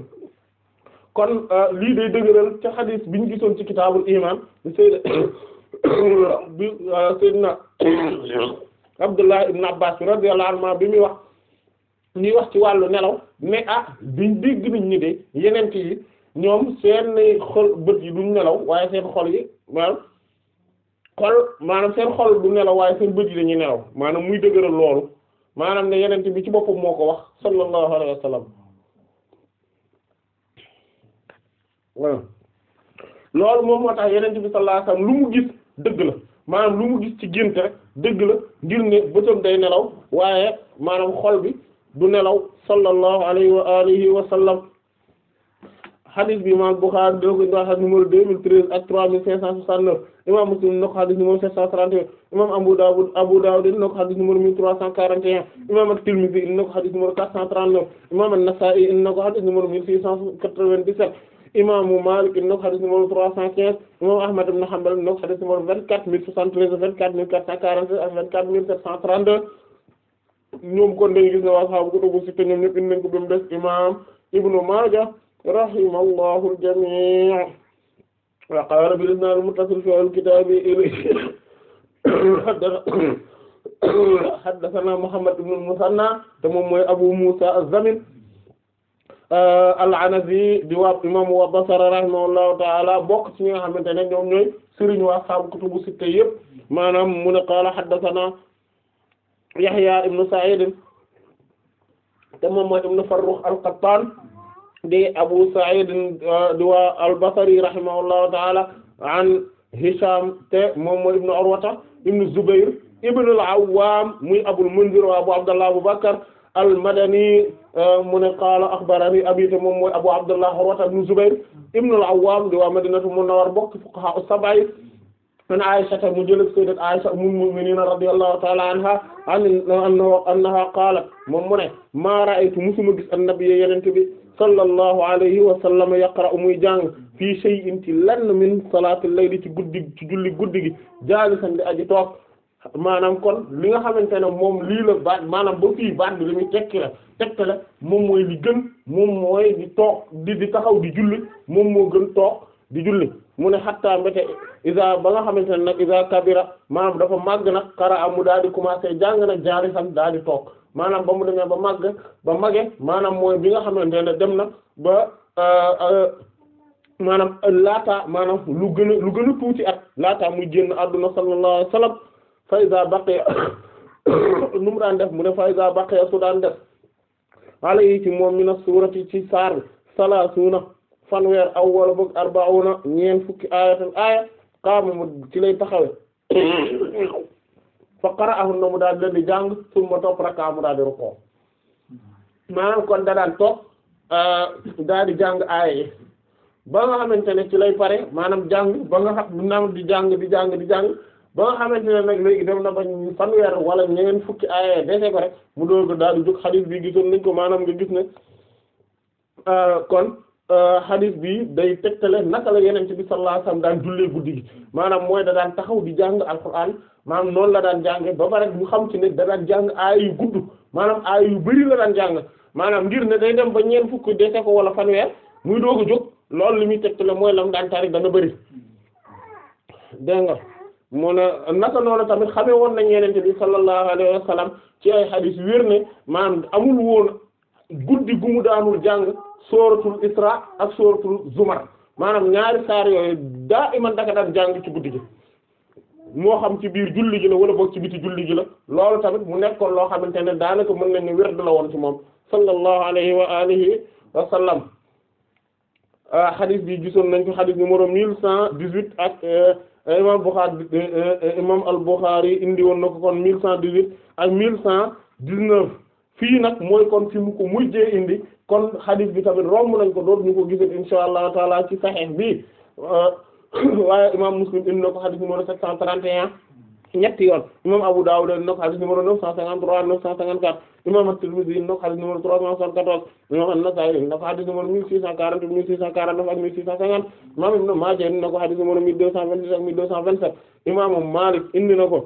kon euh, lii day dëgëral ci xadis bi ñu gisoon ci kitaabul iman bi sayyid bi euh, Abdullah ibn Abbas radiyallahu anhu bi muy wax ñuy wax ci wàllu nelaw ne ah biñ dégg nañ ni de yenent yi ñoom seen xol bët yi duñ nelaw waaye seen xol yi maanaam xol maanaam seen xol du nelaw waaye seen bët yi dañuy nelaw maanaam muy dëgëral loolu maanaam ne yenent bi ci boppam moo ko wax sallallahu alayhi wa loolu moom moo tax yenent bi sallallahu alayhi lu mu gis dëgg la maanaam lu mu gis ci gént rek dëgg la ngir ne bëtam day nelaw waaye maanaam xol bi du nelaw sallallahu alayhi wa alihi wa sallam xadis bi imam Bukhari doo ko indi xadis numéro deux na ko xadis numéro sept cent trente et un Abu Dawud Abu na ko xadis numéro mille trois cent quarante et un imam at-Tirmidhi na ko xadis numéro quatre cent trente neuf imam an-Nasa'i na ko xadis numéro mille six cent quatre-vingt-dix-sept imaamu Maalik indi na ko xadis trois cent quinze imaamu Ahmad ibn Hanbal indi vingt quatre mille soixante-treize vingt quatre mille quatre cent quarante-deux vingt quatre mille sept cent trente-deux ñoom kon dañu gis ne waa sahaabu kutubu sitta ñoom ñëpp indi nañ ko ba mu des imaam Ibnu Maaja rahimahullahu al-jamii' wa qaala bil-isnaad al-muttasil fil kitaabi ilayhi haddasanaa Muhammad ibn al-Musanna te moom mooy Abu Muusaa az-Zamin Euh, al-Anazi di waa imam wa Basra rahimahullahu ta'ala bokk ci ñi nga xamante ne ñoom ñooy sëriñ waa saabu kutubu sitta yëpp maanaam mu ne Yahya ibn Sa'id te moom ibn Farrukh al-Qattan di Abu Sa'id euh, di waa al-Basri rahimahullahu ta'ala an Hisham te moom ibn Urwata ibn Zubayr ibn al-Awwam muy Abu Abdullah Abu Bakr al-Madani Euh, mu ne qaala axbarani abi te moom mooy abu abdullah Urwa ibn Zubayr ibn al-Awwam di waa Madinatu Munawwar bokk fuqaha as-sab'a an Aisha mu jël sayyidat Aisha ummul mu'minin radiyallahu ta'ala anha annaha qaalat moom mu ne ma ra'aytu musuma gis an-nabiyya yonent bi sallallahu alayhi wa sallam yaqra'u muy jàng fii shay'in ci lenn min salaati al-layl ci guddi ci julli guddi gi jaalisan di aji toog maanaam kon li nga xamante ne moom lii la baat maanaam ba fii baat bi li muy tekki la tekki la moom mooy li gën moom mooy di toog di di taxaw di julli moom moo gën toog di julli mu ne xattaa mbéte isa ba nga xamante ne nag isa kabira maanaam dafa màgg nag xara a mu daal di commencé jàng nag jaari daal di toog maanaam ba mu demee ba màgg ba mage maanaam mooy bi nga xamante ne dem na ba euh, euh, maanaam laata maanaam lu gën lu gën a tuuti at laata muy génn àdduna sallallahu alayhi faysa baqiya nu mu daan def mu ne faysa baqiya su daan def ala ci moom mi na suurati ci saar bi salaasuuna fanweer aw wala boog arbauna ñeen fukki ayatan aaya qaama mu ci lay taxawe fa qara'ahun na mu daal leen di jàng summa topp rakka mu daal di rukkoo maanaam kon da topp euh, daal di jàng aaya yi ba nga xamante ne ci lay pare maanaam jàng ba nga xam naam di jàng di jàng di jàng ba nga xamante ne nag léegi dem na ba fanweer wala ñeneen fukki aaya dese ko rek mu doog daal di jóg xadis bi gisoon nañ ko maanaam nga gis ne euh, kon xadis euh, bi day tegtale naka la yonent bi sallallahu alayhi wasallam daan jullee guddi gi maanaam mooy da daan taxaw di jàng alxuraan maanaam noonu la daan jànge ba pare mu xam ci ne da daan jàng aaya yu gudd maanaam aaya yu bari la daan jàng maanaam ngir ne day dem ba ñeen fukki dese ko wala fanweer muy doog a jóg loolu li muy tegtale mooy lam daan tari dana bari dégg nga mu ne naka noonu tamit xamee woon nañ yenente bi sallallahu alayhi wa ci ay xadis wér ne maanaam amul woon guddi gu mu daanul jàng sooratul isra ak sooratul zumar maanaam ñaari saar yooyu daa iman daka daan jàng ci guddi gi moo xam ci biir julli gi la wala boog ci biti julli gi la loolu tamit mu nekkoon loo xamante ne daanaka mën nañ ne wér la woon ci moom sallallahu alayhi wa alihi wa ah, bi gisoon nañ ko xadis numéro mille cent dix Euh, imam Bukhari euh, euh, imam al-Bukhari indi woon na ko kon mille cent dix-huit ak mille cent dix-neuf fii nag mooy kon fi mu ko mujjee indi kon xadis bi tamit romb nañ ko doot ñu ko gisee insha allahu taala ci Sahih bi waaye imam Muslim indi na ko xadis numéro sept cent trente et un ñetti yoon imam Abu Dawud na ko xadis numéro 953 954 imam At-Tirmidhi na ko xadis numéro 374 imam An-Nasa'i na ko xadis numéro 1640 1649 ak 1650 imam Ibn Majah na ko xadis numéro 1226 ak 1227 imam Malik indi na ko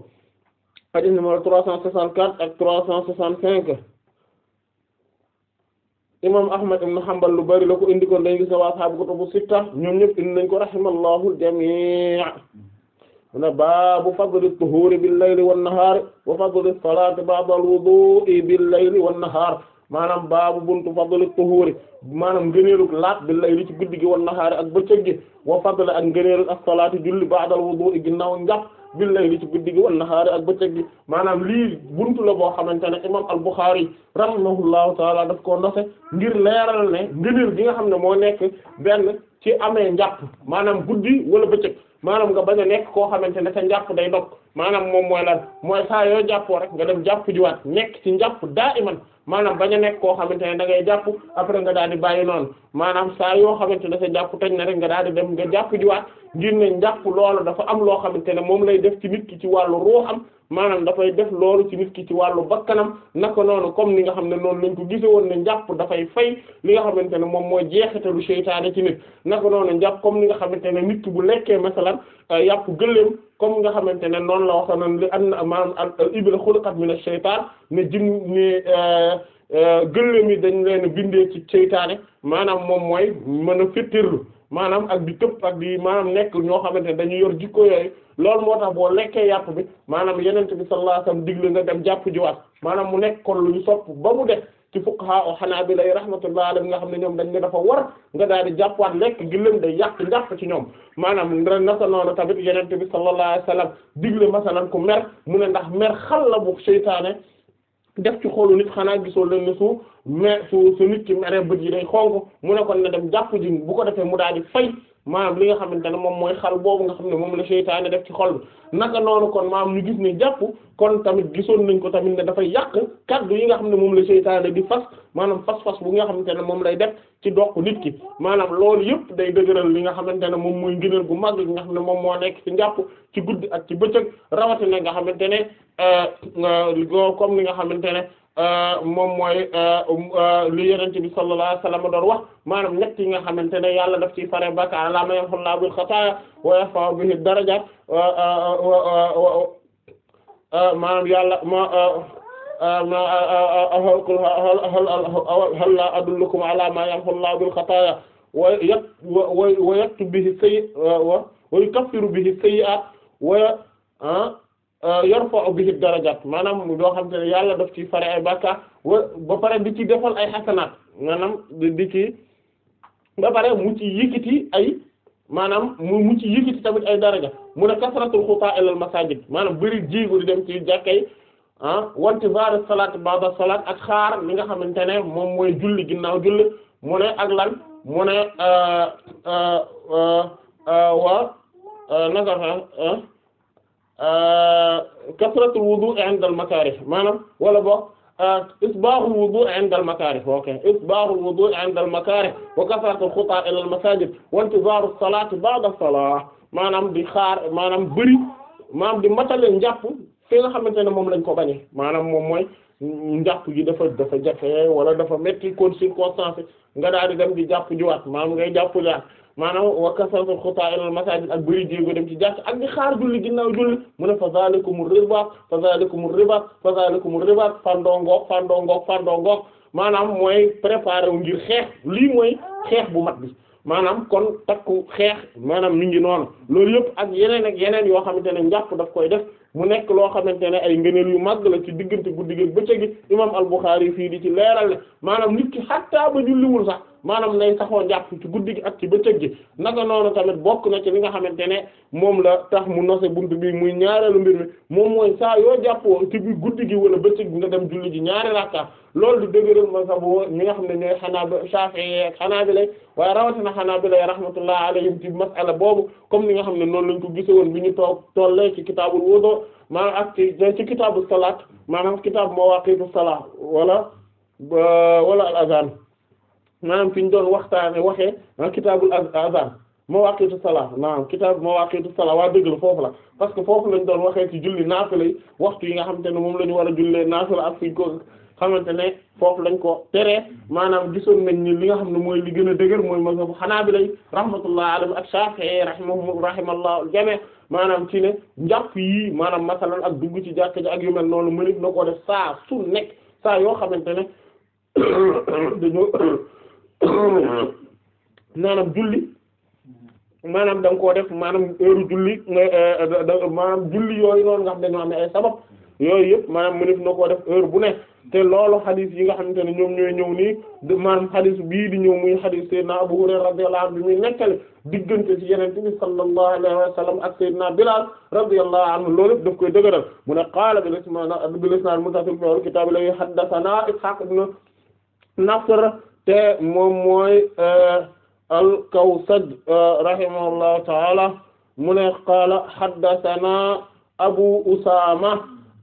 xadis numéro 364 ak 365 imam Ahmad ibn Hanbal lu bari la ko indi kon dañu gis ne waa ashaabu kutubu sitta ñoom ñëpp indi nañu ko rahimallahu al-jami' ne baabu fadli tuhuuri bil layli wan nahaari wa fadli salaati ba'dal wudu'i bil layli wan nahaar maanaam baabu buntu fadli tuhuuri maanaam ngëneelug laat bil layli ci guddi gi wan ak bëccëg gi wa fadli ak ngëneelug ak salaati julli ba'dal wudu'i ginnaaw njàpp bil layli ci guddi gi wan nahaari ak bëccëg gi maanaam lii buntu la boo xamante ne imaam al-Bukhari rahimahullahu taala daf koo ndoxe ngir leeral ne ngëneel gi nga xam ne moo nekk benn ci amee njàpp maanaam guddi wala bëccëg maanaam nga bañ a nekk koo xamante ne sa njàpp day dog maanaam moom mooy la mooy saa yoo jàppoo rek nga dem jàpp jiwaat nekk ci njàpp daa iman maanaam bañ a nekk koo xamante ne dangay jàpp après nga daal di bàyyi noonu maanaam saa yoo xamante ne sa jàpp tañ na rek nga daal di dem nga jàpp jiwaat ngir ne jàpp loolu dafa am loo xamante ne moom lay def ci nit ki ci wàllu ruuxam maanaam dafay def loolu ci nit ki ci wàllu bakkanam naka noonu comme ni nga xam ne noonu lañ ko gise woon ne jàpp dafay fay li nga xamante ne moom mooy jeexatalu seytaane ci nit naka noonu jàpp comme ni nga xamante ne nit ki bu lekkee masalan euh, yàpp gëléem comme nga xamante ne noonu la waxoon li am na maanaam al ibla xuliqat min ash-shaytaan ne jim ne euh, euh, gëléem yi dañ leen bindee ci seytaane maanaam moom mooy mën a fittirlu maanaam ak bi tëpp ak di maanaam nekk ñoo xamante ne dañu yor jikko yooyu loolu moo tax boo lekkee yàpp bi maanaam yenent bi sallallahu laa wasallam digle nga dem jàpp jiwaat maanaam mu nekk kon lu ñu sopp ba mu def ci fuqaha o xanaabila yi rahmatullah alayhim nga xam ne ñoom dañ ne dafa war nga daal di jàppaat lekk gëléem da yàq njàpp ci ñoom maanaam dara nasa noonu tamit yenente bi sallallahu alayhi wasallam digle masalan ku mer mu ne ndax mer xal la bu seytaane def ci xoolu nit xanaa gisoo leen ne su mais su su nit ci mere bët yi day xonk mu ne kon ne dem jàpp ji bu ko defee mu daal di fay maanaam li nga xamante ne moom mooy xal boobu nga xam ne moom la seytaane def ci xol bi naka noonu kon maam ñu gis jàpp kon tamit gisoon nañ ko tamit ne dafay yàq kaddu yi nga xam ne moom la seytaane di fas maanaam fas-fas bu nga xamante ne moom lay def ci doq nit ki maanaam loolu yëpp day dëgëral li nga xamante ne moom mooy ngëneel bu mag li nga xam ne moom moo nekk ci njàpp ci guddi ak ci bëccëg rawatina nga xamante ne euh, comme li nga xamante ne Euh, moom mooy euh, um, euh, li yenente bi sallallahu alayhi wasallam doon wax maanaam ñett yi nga xamante ne yàlla daf ci fare bàkkaar la mayamxol laa bil xataaya wa yarfa'u bihi darajaat maanaam yàlla ma hal laa adullukum ala ma yamxol laa bil xataaya wa yat wa yaktubu bihi sayyi'aat wa yukaffiru bihi sayyi'aat wa ah, Euh, yarfa'u bihi darajaat maanaam loo xam te ne yàlla daf ci fare ay bàkkaar wa ba pare bi ci defal ay xasanaat maanaam di ci ba pare mu ci yëkkati ay maanaam mu mu ci yëkkati tamit ay daraja mu ne kasratul xutaa ilal masaajid maanaam bëri jéego di dem ci jàkkay want ah, wanti vaare salaat ba'da salaat ak xaar li nga xamante ne moom mooy julli ginnaaw julli mu ne ak lan mu ne euh, euh, wa naka ah, ah. kasratul wudu' 'inda al makaarih maanaam wala boog isbaaxul wudu' 'inda al makaarih ok isbaaxul wudu' 'inda al makaarih wa kasratul xutaa al masaajid wa intizaaru salaati ba'da salaah maanaam di xaar maanaam bëri maanaam di matale njàpp fi nga xamante ne moom lañ ko maanaam moom mooy njàpp gi dafa dafa jafe wala dafa metti kon circonstance nga daal di dem di jàpp jiwaat maanaam ngay jàpp maanaam wa kasratul xutaa ilal masaajid ak bëri jéego dem ci jàkk ak di xaar julli ginnaaw julli mu ne fa zaalikumur ribaat fa zaalikumur ribaat fa zaalikumur ribaat fandongook fandongook fandongook maanaam mooy préparer wu ngir xeex lii mooy xeex bu mat bi maanaam kon takku xeex maanaam mi ngi noonu loolu yëpp ak yeneen ak yeneen yoo xamante ne njàpp daf koy def mu nekk loo xamante ne ay ngëneel yu màgg la ci diggante guddi gi bëccëg gi imaam al-Bukhari fii di ci leeral ne maanaam nit ki xattaa ba julliwul sax maanaam nay saxoo njàpp ci guddi gi ak ba bëccëg gi naka noonu tamit bokk na ci li nga xamante ne moom la tax mu nose bunt bi muy ñaareelu mbir mi moom saa yoo jàppoo ci biir wala bëccëg gi dem julli ji ñaari rakka loolu di dëgëral ma sax bu ñi nga xam ne ñooy xanaa ba Shafi'i ak Hanabila waaye rawatina Hanabila rahmatullah alayhim ci mas'ala boobu comme ni nga xam ne noonu lañ ko gisewoon bi ñu toog tollee ci kitaabul wudu maa ak ci ci kitaabu salaat maanaam kitaabu mawaaqiitu salaat wala walla al azan maanaam fi ñu doon waxtaane waxee ah, kitaabul azan mawaaqiitu salaat maanaam kitaabu mawaaqiitu salaat waa dëgg la foofu la parce que foofu lañ doon waxee ci julli naafila yi waxtu yi nga xam te ne moom la ñu war a jullee naafila ak fi ko xamante ne foofu lañ ko teree maanaam gisoon nañ ni li nga xam ne mooy li gën a dëgër xanaa bi Hanaabila rahmatullah alayhi ak Shaafi'i rahimahum rahimallahu jami' maanaam ci ne njàpp yi maanaam masalan ak dugg ci jàkk ji ak yu mel noonu mënit na ko def saa su nekk saa yoo xamante ne dañoo maanaam julli maanaam da nga koo def maanaam heure julli euh, euh, maanaam julli yooyu noonu nga xam ne dañoo sabab yooyu yëpp maanaam mënef na def heure bu ne te loolu xadis yi nga xamante ne ñoom ñooy ñëw nii maanaam xadis bii di ñëw muy xadis Seydina Abu Hurayra radiyallahu anhu bi muy nekkale diggante ci yenente bi sallallahu alayhi wa sallam ak Seydina Bilal radiyallahu anhu loolu yëpp daf koy dëgëral mu ne qaala bilisnad muttasil fi kitaab la haddathana Ishaq ibn Nasr te moom mooy uh, al-Kawsaj uh, rahimahullahu ta'ala mu ne qaala haddathana Abu Usama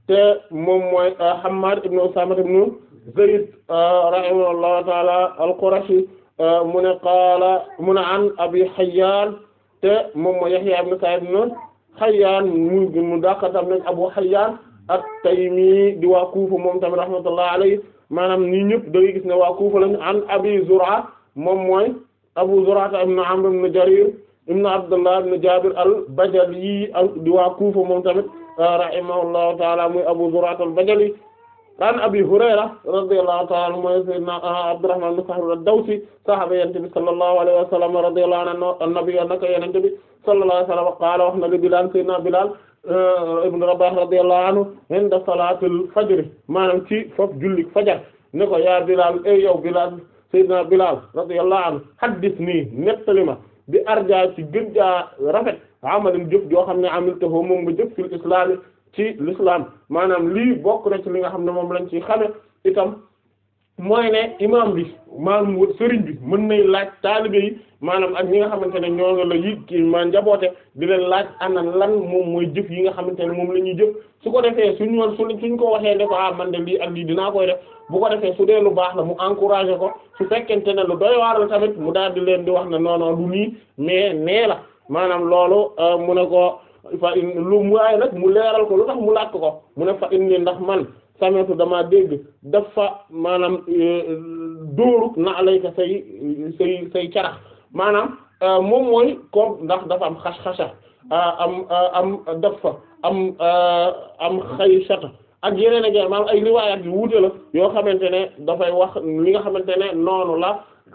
te moom mooy euh, Hammad ibn Usama ibn Zayd euh, rahimahullahu ta'ala al-Qurashi euh, mu ne qaala mu ne an Abi Hayyan te moom mooy Yahya ibn Sa'id ibn Hayyan mu mu dàqatam nag Abu Hayyan at-Taymi di waa Kufa moom tamit rahmatullahi alayhi maanaam ni ñëpp da ngay gis ne waa Kufa lañ an Abi Zur'a moom mooy Abu Zur'a ibn Amr ibn Jarir ibn Abdullah ibn Jabir al-Bajali di waa moom tamit rahimahullahu taala muy Abu Zur'a al-Bajali an Abi Hurayra radiyallahu taala mooy sayyidina Abdurrahman ibn Sakhir ad-Dawsi sahaaba yonent bi sallallahu alayhi wa sallam radiyallahu anhu an-nabi naka yonent bi sallallahu alayhi wa sallam qaala wax na li Bilaal sayyidina Bilaal ibn Rabah radiyallahu anhu inda salaatil fajr maanaam ci foofu julli fajar ne ko yaa Bilaal ey yow Bilaal sayyidina Bilaal radiyallahu anhu haddithni nettali ma bi arja ci gën jaa rafet amalam jëf joo xam ne amil taxoo moom nga jëf fil islaami ci l'islam maanaam lii bokk na ci li nga xam ne moom lañ ci xame itam mooy ne imaam bi maanaam sëriñ bi mën nay laaj taalibe yi maanaam ak ñi nga xamante ne ñoo nga la yi kii ma njaboote di leen laaj ana lan moom mooy jëf yi nga xamante ne moom la ñuy jëf su ko defee suñ woon suñ suñ ko waxee ne ko ah man de lii ak lii dinaa koy def bu ko defee su dee lu baax la mu encouragé ko su fekkente ne lu doy waar tamit mu daal di leen di wax ne non non du nii mais nee la maanaam loolu euh, mu ne ko fa in lu waaye nag mu leeral ko lu tax mu laaj ko mu ne fa in ndax man. sami'tu damaa dégg dafa maanaam euh, dóoru na alayka say say say carax maanaam euh, moom mooy comme ndax dafa am xash-xasha euh, am am dafa am am xaysata ak yeneen ak yeneen maanaam ay riwaayaat yu wuute la yoo xamante ne dafay wax li nga xamante ne noonu la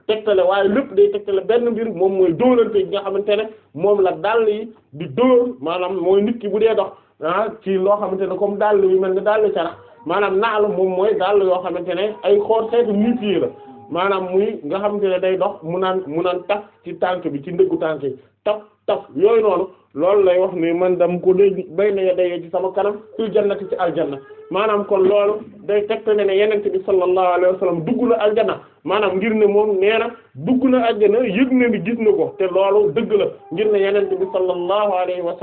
tegtale waaye lépp day tegtale benn mbir moom mooy dóorante yi nga xamante ne moom la dàll yi di dóor maanaam mooy nit ki bu dee dox ah ci loo xamante ne comme dàll yi mel ne dàll carax maanaam naal moom mooy dàll yoo xamante ne ay xoor xeetu nit la maanaam muy nga xamante ne day dox mu naan mu naan taf ci tànk bi ci ndëggu tànk yi taf taf yooyu noonu loolu lay wax ni man dam ko léegi bay na dayee ci sama kanam fil jannati ci aljanna maanaam kon loolu day tegtale ne yenente bi sallallahu alayhi wa sallam dugg na aljanna maanaam ngir ne moom neena dugg na aljanna yëg na ni gis na ko te loolu dëgg la ngir ne yenente bi sallallahu alayhi wa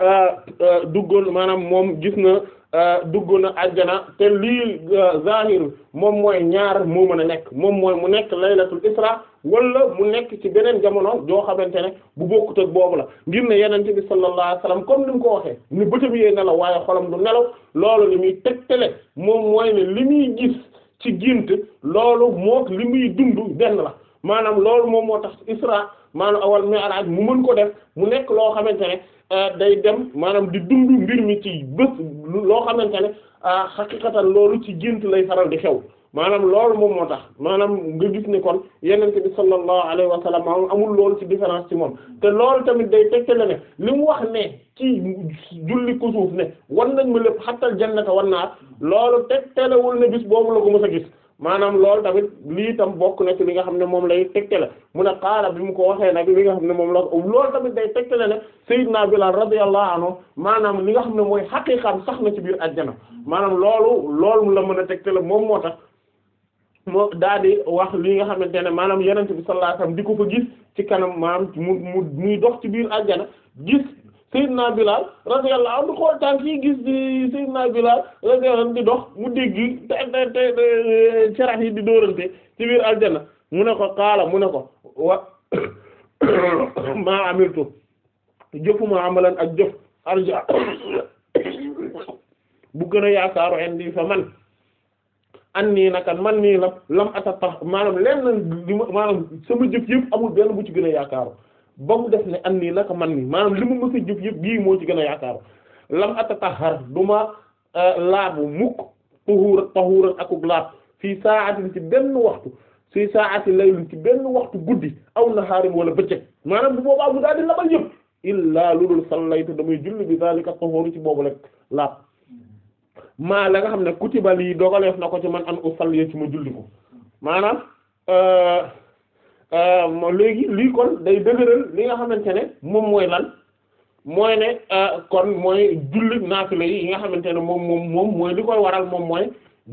ah, ah, duggoon maanaam moom gis na Euh, dugg na àjjana te lii euh, zahir moom mooy ñaar moo mën a nekk moom mooy mu nekk laylatul isra wala mu nekk ci beneen jamono joo xamante ne bu bokkut boobu la ngir ne yonent bi sallallahu alayhi wasallam comme ni mu ko waxee ni bëtam yee nelaw waaye xolam du nelaw loolu li muy tegtale moom mooy ne li muy gis ci gént loolu mook li muy dund benn la maanaam loolu moom moo tax isra maanaam awal mi'raj mu mën ko def mu nekk loo xamante ne euh, day dem maanaam di dund mbir mi ci bés loo xamante ne euh, xaqiqatan loolu ci gént lay faral di xew maanaam loolu moom moo tax maanaam nga gis ne kon yenente bi sallallahu alayhi wa sallam moom amul loolu ci différence ci moom te loolu tamit day tegte la ne li mu wax ne ci julli kusuuf ne wan nañ ma lépp xattal jannata wan naar loolu tegtalewul ne bis boobu la ko mës a gis maanaam lool tamit lii tam bokk na ci li nga xam ne moom lay tegtale mu ne qaala bi mu ko waxee nag li nga xam ne moom la loolu tamit day tegtale ne Seydina Bilaal radiyallahu anhu maanaam li nga xam ne mooy xaqiiqaam sax na ci biir àjjana maanaam loolu loolu la mën a teg tegtale moom moo tax moo daal di wax li nga xamante ne maanaam Yonent bi sallallahu alayhi di ko fa gis ci kanam maanaam mu muy dox ci biir àjjana gis Seydina Bilal radiyallahu anhu xool tànk yi gis di Seydina Bilal radiyallahu di dox mu dégg te te te cerax yi di dóorante ci biir aljanna mu ne ko xaala mu ne ko wa maa amiltu jëfuma amalan ak jëf arja bu gën a yaakaaru indi fa man an nii nakat man nii la lam ata tax maanaam lenn maanaam sama jëf yëpp amul benn bu ci gën a yaakaaru ba mu def ne am nii naka man nii maanaam li mu mës a jub yëpp moo ci gën a yaakaaru lam atatahhar du ma euh, laabu mukk tahuura tahuuran akuk laab fii saatin ci benn waxtu fii saati laylun ci benn waxtu guddi aw nahaarin wala bëccëg maanaam bu boobaa am daal di labal yëpp illaa lulul sallaytu damay julli bi zalika tahuru ci boobu rek laab maa la nga xam ne kutiba yi dogaleef na ko ci man an u salli ci ma julli ko maanaam euh, Euh, léegi lii kon day dëgëral li nga xamante ne moom mooy lan mooy ne euh, kon mooy julli naafila yi nga xamante ne moom moom moom mooy li koy waral moom mooy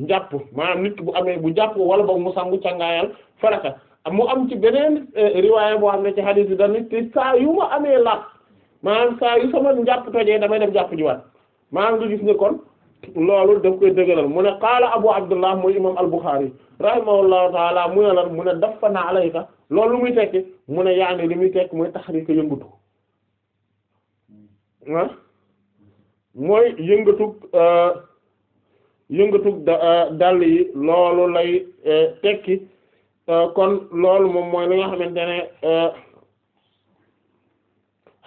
njàpp maanaam nit bu amee bu jàpp wala ba mu sangu cangaayal farata mu am ci beneen euh, riwaaya boo xam ne ci hadith bi dañu te saa yu ma amee laat maanaam saa yu sama njàpp tojee damay dem jàpp jiwaat maanaam nga gis ne kon loolu daf koy dëgëral mu ne qaala abu abdullah mooy imam al-Bukhari rahimahullahu taala mu ne lan mu ne daffana alayka loolu lu muy tekki mu ne yaani li muy tekki mooy taxriika yëngatu ah mooy yëngatug euh, yëngatug da euh, dàll yi loolu lay euh, tekki kon loolu moom mooy li nga xamante ne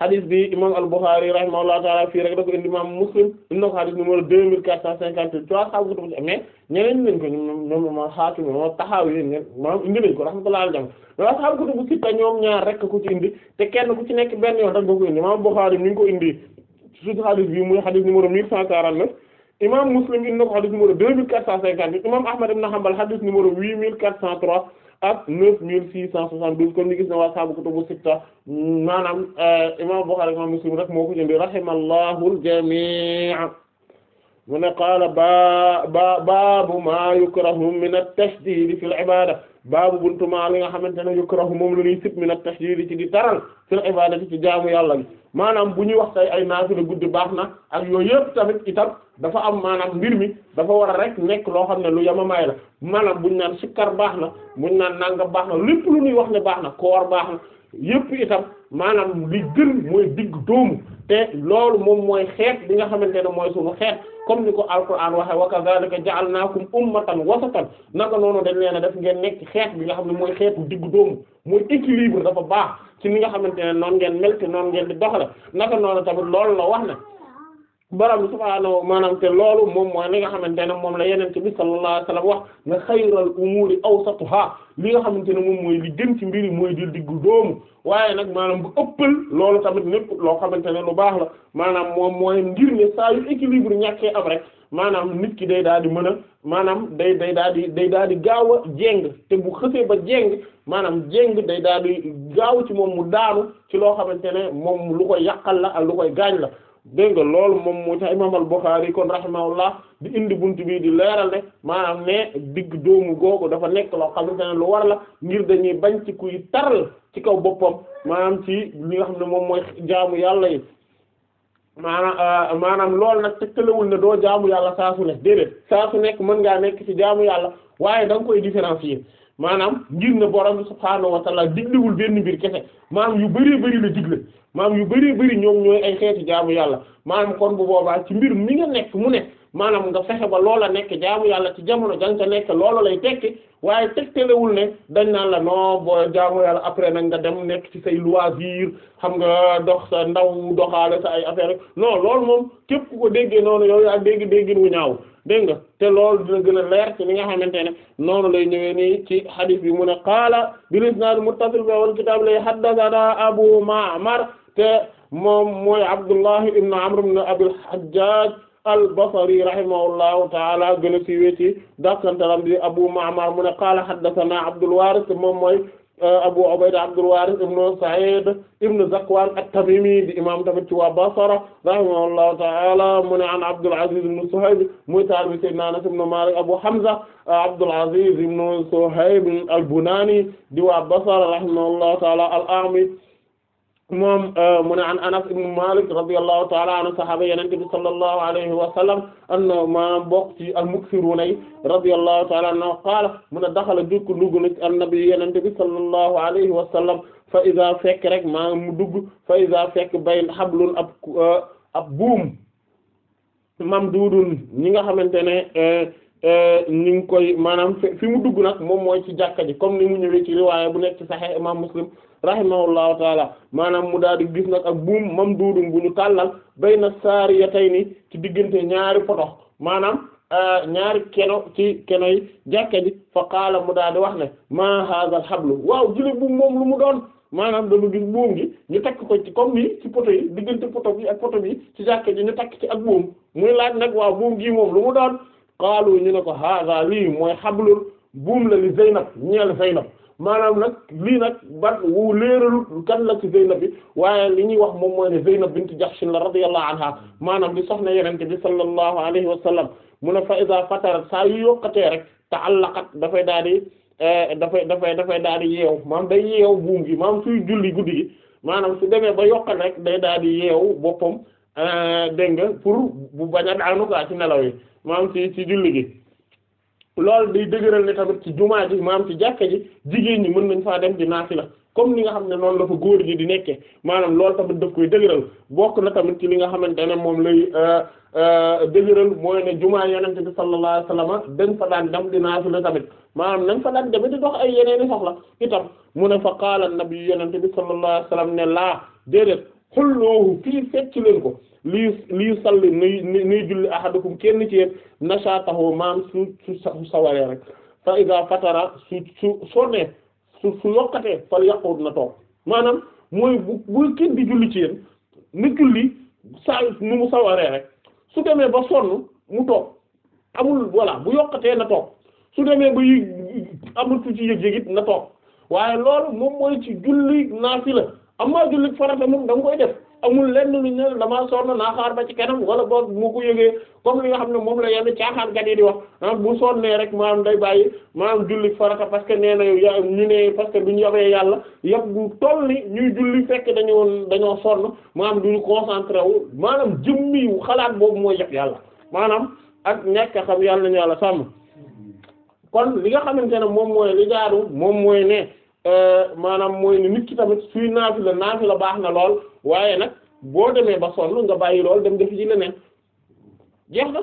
xadis bi imam al-Bukhari rahimahullahu taala fii rek da ko indi imam Muslim indi ko xadis numéro deux mille quatre cent cinquante trois xaw ko dugg mais ñeneen nañ ko ma xaatim moom taxaaw yi ñen indi nañ ko rahmatullahi alayhi wa xaw ko dugg sitta ñoom ñaar rek ko ci indi te kenn ku ci nekk benn yoon rek ko indi imam Bukhari mi ngi ko indi surtout xadis bi muy xadis numéro mille cent quarante-neuf imam Muslim indi na ko xadis numéro deux mille ak neuf mille six cent soixante-douze comme ni gis na waa saabu kutubu sitta maanaam euh, imam Bukhari imam Muslim rek moo ko jëndi rahimallahul jami' mu ne qaala baa baa baabu maa yukrahu min at-tashdid fil ibada baabu buntu maa li nga xamante ne yukrahu moom la ñuy sib min at-tashdid ci di taral fil ibada ci jaamu yàlla gi maanaam bu ñu wax tey ay naafila guddi baax na ak yooyu yëpp tamit itam dafa am maanaam mbir mi dafa war a rek nekk loo xam ne lu yamamaay la maanaam ñu naan sikkar baax na ñu naan nanga baax na lépp lu ñuy wax ne baax na koor baax na yëpp itam maanaam li digg doomu te loolu moom mooy xeet bi nga xamante ne mooy suñu xeet comme ni ko alquran waxe wa kadhalika ja'alnakum ummatan wasatan naka noonu de leen a def ngeen nekk xeet bi nga xam ne mooy xeetu diggu doomu mooy équilibre dafa baax ci ni nga xamante ne noonu ngeen mel te noonu ngeen di doxale naka noonu tamit loolu la wax na borom subhaanahu maanaam te loolu moom mooy li nga xamante ne moom la yenente bi sallallahu alayhi wasallam wax ne xayral umuuri awsatuha li nga xamante ne moom mooy li gën ci mbiri mooy di diggu doomu waaye nag maanaam bu ëppal loolu tamit lépp loo xamante ne lu baax la maanaam moom mooy ngir ne saa yu équilibre ñàkkee am rek maanaam nit ki day daal di mën a maanaam day day daal di day daal di gaaw a jéng te bu xësee ba jéng maanaam jéng day daal di gaaw ci moom mu daanu ci loo xamante ne moom lu yàqal la ak lu koy gaañ la dégg loolu moom moo tax imam al-Bukhari kon rahimahullah di indi bunt bii di leeral ne maanaam ne digg doomu googu dafa nekk loo xamante ne lu war la ngir dañuy bañ ci kuy taral ci kaw boppam maanaam ci li nga xam ne moom mooy jaamu yàlla yi maanaam euh, maanaam loolu nag tëkkaliwul ne doo jaamu yàlla saa su ne déedéet saa su nekk mën ngaa nekk ci jaamu yàlla waaye da nga koy différencier maanaam ngir ne borom bi subhaanahu wa taala diglewul benn mbir kese maanaam yu bëree bëri la digle maanaam yu bëree bëri ñoom ñooy ay xeeti jaamu yàlla maanaam kon bu boobaa ci mbir mi nga nekk mu ne maanaam nga fexe ba lool a nekk jaamu yàlla ci jamono jang nekk loola lay tekki waaye tegtalewul ne dañ naan la non boo jaamu yàlla après nag nga dem nekk ci say loisir xam nga dox sa ndaw doxaale sa ay affaire non lool moom képp ku ko déggee noonu yow yaa dégg déggin wu ñaaw dégg nga te lool dina gën a leer ci li nga xamante ne noonu lay ñëwee ci hadith bi mu ne qaala bil isnaad muttasil fi wal kitaab lay haddathana Abu Ma'mar te moom mooy Abdullah ibn Amr ibn Abil Hajjaj al-Basri rahimahullahu ta'ala gën a siiwee ci dakkantalam di Abu Ma'mar mu ne qaala haddathana Abdul Waaris moom mooy Euh, Abu Ubayda Abdul Waaris ibnu Sa'id ibnu Zakwan at-Tamimi di imam tamit ci waa Basra rahimahullahu ta'ala mu ne an Abdul Aziz ibnu Suhayb muy taalibi Sayyidina Anas ibnu Malik Abu Hamza Abdul Aziz ibnu Suhayb al-Bunani di waa Basra rahimahullahu ta'ala al-A'mi moom euh, mu ne an anas ibn malik radiyallahu taala anhu sahaaba yenente bi sallallahu alayhi wa sallam anna maanaam bokk ci al muksiruna yi radiyallahu taala anhu qaala mu ne daxala dugg dugg na an nabi yenente bi sallallahu alayhi wa sallam fa iza fekk rek maanaam mu dugg fa iza fekk bay hablun ab euh, ab buum mamduudun ñi nga xamante ne euh, ñu ngi koy maanaam fi mu dugg nag moom mooy ci jàkka ji comme ni mu ñëwee ci riwaaya bu nekk ci Sahih imam Muslim rahimahullahu taala maanaam mu daal di gis nag ak buum mam duudum bu ñu tàllal bayna saariyatayni ci diggante ñaari poto maanaam euh, ñaari keno ci keno yi jàkka ji fa qaala mu daal di wax ne maa haazal xablu waaw jële buum moom lu mu doon maanaam dañu gis buum gi ñu takk ko ci comme ni ci poto yi diggante poto bi ak poto bi ci jàkka ji ñu takk ci ak buum muy laaj nag waaw buum gi moom lu mu doon qaalu ñu ne ko haazaa lii mooy xablul buum la li Zeynab ñeel Zeynab maanaam nag lii nag ba wu léeralu kan la ci Zeynab bi waaye li ñuy wax moom mooy ne Zeynab bint Jahsh la radiyallahu anha maanaam di soxna yenente bi sallallahu alayhi wa sallam mu ne fa iza fatarat saa yu yokkatee rek ta'allaqat dafay daal di eh, dafay dafay dafay daal di yeew maanaam day yeew buum gi maanaam suy julli guddi gi maanaam su demee ba yokkal rek day daal di yeew boppam eh, dégg nga pour bu bañ a daanu kaa ci nelaw yi maanaam ci ci julli gi loolu day dëgërël ne tamit ci jumaa ji maanaam ci jàkka ji jigéen ñi mën nañ faa dem di la comme ni nga xam ne noonu la fa góor ji di nekkee maanaam loolu tamit daf koy dëgëral bokk na tamit ci li nga xamante ne moom lay euh, euh, dëgëral mooy ne jumaa yonent bi sallallahu alayhi wasallam dañ fa daan dem di naafila tamit maanaam nañ fa daan dem di dox ay yeneeni soxla itam mu ne fa qaala nabi yonent bi sallallahu alayhi wasallam ne laa déedéet xulloohu fii fecc leen ko lii lii salli nuy nuy julli ahadukum kenn ci yéen nashatahu maam su su sawaree rek fa iza fatara su su sonnee su su yokkatee fal yaqut na toog maanaam mooy bu bu kenn di julli ci yéen julli saa nu mu sawaree rek su demee ba sonn mu toog amul voilà bu yokkatee na toog su demee ba yi amul fu ci yëg-yëg na toog waaye loolu moom mooy ci julli naafila amma julli farata moom da nga koy def amul lenn lu ñu damaa sonn naa xaar ba ci kanam wala boog moo ko yëgee comme li nga xam ne moom la yenn caaxaan kat yi di wax maanaam ah bu sonnee rek maanaam day bàyyi maanaam julli farata parce que nee na ñu ne parce que duñu yobee yàlla yab bu toll ni ñuy julli fekk dañoo dañoo sonn maanaam duñu concentré wu maanaam xalaat boobu mooy yab yàlla maanaam ak ñàkk xam yàlla ñu yàlla sàmm kon li nga xamante ne moom mooy li jaaru moom mooy ne euh, maanaam mooy ne nit ki tamit suy naafi la naafi la baax na lool waaye nag boo demee ba sonn nga bàyyi lool dem defi ci leneen jeex na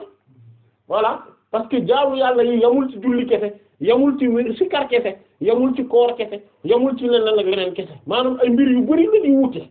voilà parce que jaabu yàlla yi yamul ci julli kese yamul ci sikar kese yamul ci koor kese yamul ci leneen ak leneen kese maanaam ay mbir yu bari la di wuute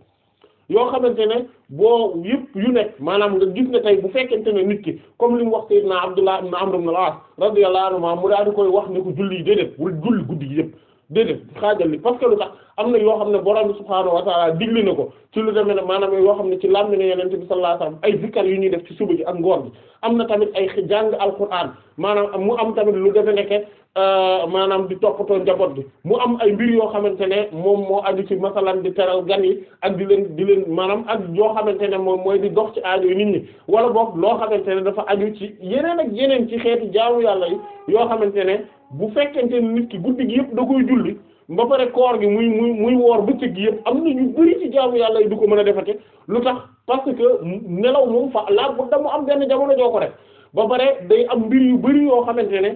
yoo xamante ne boo yëpp yu nekk maanaam nga gis ne tey bu fekkente ne nit ki comme li mu wax sayyidna Abdullah ibn Amr ibn al-As radiyallahu anhu mu daal di koy wax ne ko julli yi déedéet bul julli guddi gi yëpp déedéet xaajal li parce que lu tax am na yoo xam ne borom subhaanahu wa taala digli na ko ci lu demee ne maanaam yoo xam ne ci làmmiñu yonent bi sallallahu alayhi wasallam ay zikkar yu ñuy def ci suba gi ak ngoor gi am na tamit ay jàng alquran maanaam mu am tamit lu demee nekk euh, maanaam di toppatoo njaboot bi mu am ay mbir yoo xamante ne moom moo aju ci masalan di teral gan yi ak di leen di leen maanaam ak yoo xamante ne moom mooy di dox ci aajo nit ñi wala boog loo xamante ne dafa aju ci yeneen ak yeneen ci xeetu jaamu yàlla yoo xamante ne. bu fekkente ni nit ki guddi gi yëpp da koy julli ba pare koor gi muy muy muy woor bëccëg gi yëpp am na ñu bëri ci jaamu yàlla yi du ko mën a defate lu tax parce que nelaw moom fa laa bu da mu am benn jamono joo ko rek ba pare day am mbir yu bari yoo xamante ne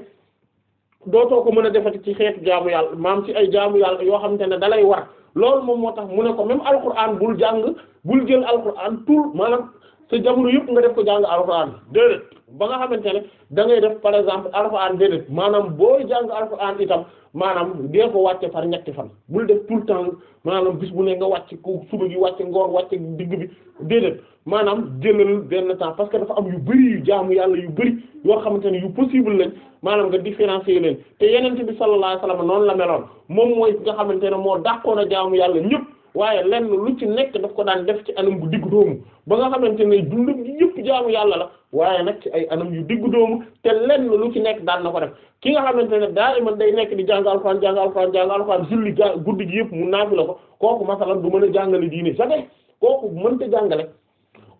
dootoo ko mën a defati ci xeetu jaamu yàlla maam ci ay jaamu yàlla yoo xamante ne dalay war loolu moom moo tax mu ne ko même alquran bul jàng bul jël alquran tout maanaam te jamono yëpp nga def ko jàng alxuraan déedéet ba nga xamante ne da ngay def par exemple alxuraan déedéet maanaam booy jàng alxuraan itam maanaam dee ko wàcce par ñetti fan bul def tout le temps maanaam bis bu ne nga wàcc ko suba gi wàcce ngoor wàcce digg bi déedéet maanaam jëlal benn temps parce que dafa am yu bëri yu jaamu yàlla yu bëri yoo xamante ne yu possible lañ maanaam nga différencier leen te yeneen bi sallallahu alayhi wasallam noonu la meloon moom nga xamante ne moo dàqoon a jaamu ñëpp. waaye lenn lu ci nekk daf ko daan def ci anam bu diggu doomu ba nga xamante ne dundam gi yëpp yàlla la waaye nag ay anam yu diggu doomu te lenn lu ci nekk daan na ko def ki nga xamante ne daa iman day nekk di jàng alxuraan jàng alxuraan jàng alxuraan julli guddi yëpp mu naafi la ko kooku masalan du mën a jàngale diine jamais kooku mënta jàngale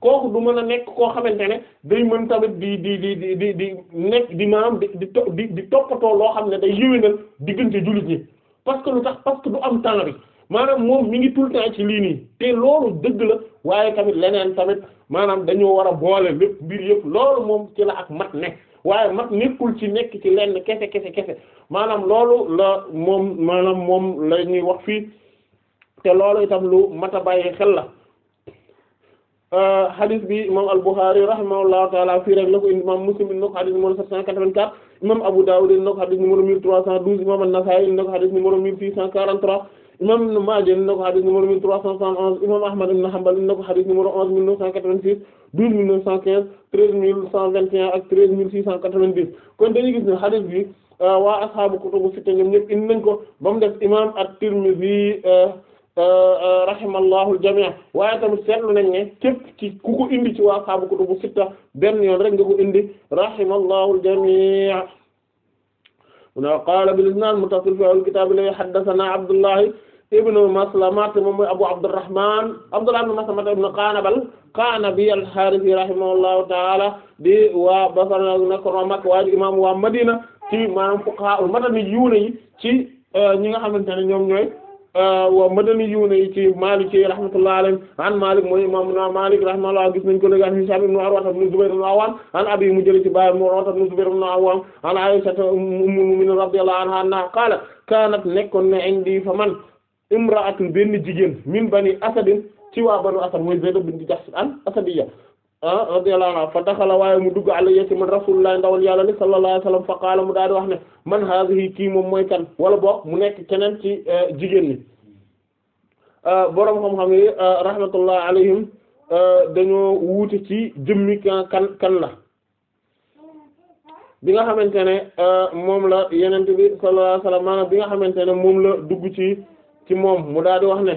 kooku du mën a nekk koo xamante ne day mën tamit di di di di di di nekk di maam di di di toppatoo loo xam ne day yéwénal diggante jullit yi parce que lu tax parce que du am temps bi maanaam moom mi ngi tout le temps ci lii nii te loolu dëgg la waaye tamit leneen tamit maanaam dañoo war a boole lépp mbir yëpp loolu moom ci la ak mat nekk waaye mat nekkul ci nekk ci lenn kese kese kese maanaam loolu la moom maanaam moom la ñuy wax fii te loolu itam lu mat a bàyyi xel la euh, hadith bi imam al-Bukhari rahimahullahu taala fii rek la ko indi Muslim indi na ko hadith numéro 784 imam Abu Dawud indi na ko hadith numéro 1312 imam an imaam Ibn Maaja indi na ko xadis numéro 1371 imaam Ahmad ibn Hanbal indi na ko xadis numéro 11 1986 12 915 13 121 ak 13 690 kon dañuy gis ne xadis bi euh, waa ashaabu kutubu sitta ñoom ñëpp indi nañ ko ba mu def imaam at-Tirmidhi euh, euh, rahimallahu al-jamii' waaye tamit seetlu nañ ne képp ci ku ko indi ci waa ashaabu kutubu sitta benn yoon rek nga ko indi rahimallahu al-jamii' qaala bil-isnaad muttasil fil kitaab li haddathanaa Abdullahi ibn Maslama te moom mooy Abu Abdurrahman Abdullah ibn Maslama ibn Qanabal Qanabi al-Harithi rahimahullahu ta'ala di waa Basra nak Ramak waa imam waa Madina ci maanaam fuqaha madani yuuna yi ci euh, ñi nga xamante ne ñoom ñooy euh, waa madani yuuna yi ci Malik yi rahmatullahi alayhi an Malik mooy imam na Malik rahimahullah gis nañ ko léegi an Hisham ibn Urwa ibn Zubayr ibn Awwam an abi mu jële ci baay ibn Zubayr ibn Awwam an Aisha ummul mu'minin radiyallahu imra'atun benn jigéen min bani asadin ci waa banu asad mooy Zayd bint Jahsh an asadiyya ah radiyallahu anha fa daxala waaye mu dugg alayya ci man rasulullah ndawal yàlla li sallallahu alayhi fa qaala mu daal di man haadihi kii moom mooy kan wala boog mu nekk keneen ci eh, jigéen ñi eh, boroom xam-xam yi eh, rahmatullah alayhim dañoo wuute ci jëmmi kan kan la bi nga xamante ne moom la yenente bi sallallahu alayhi wasallam maanaam bi nga xamante ne moom la dugg ci moom mu daal di wax ne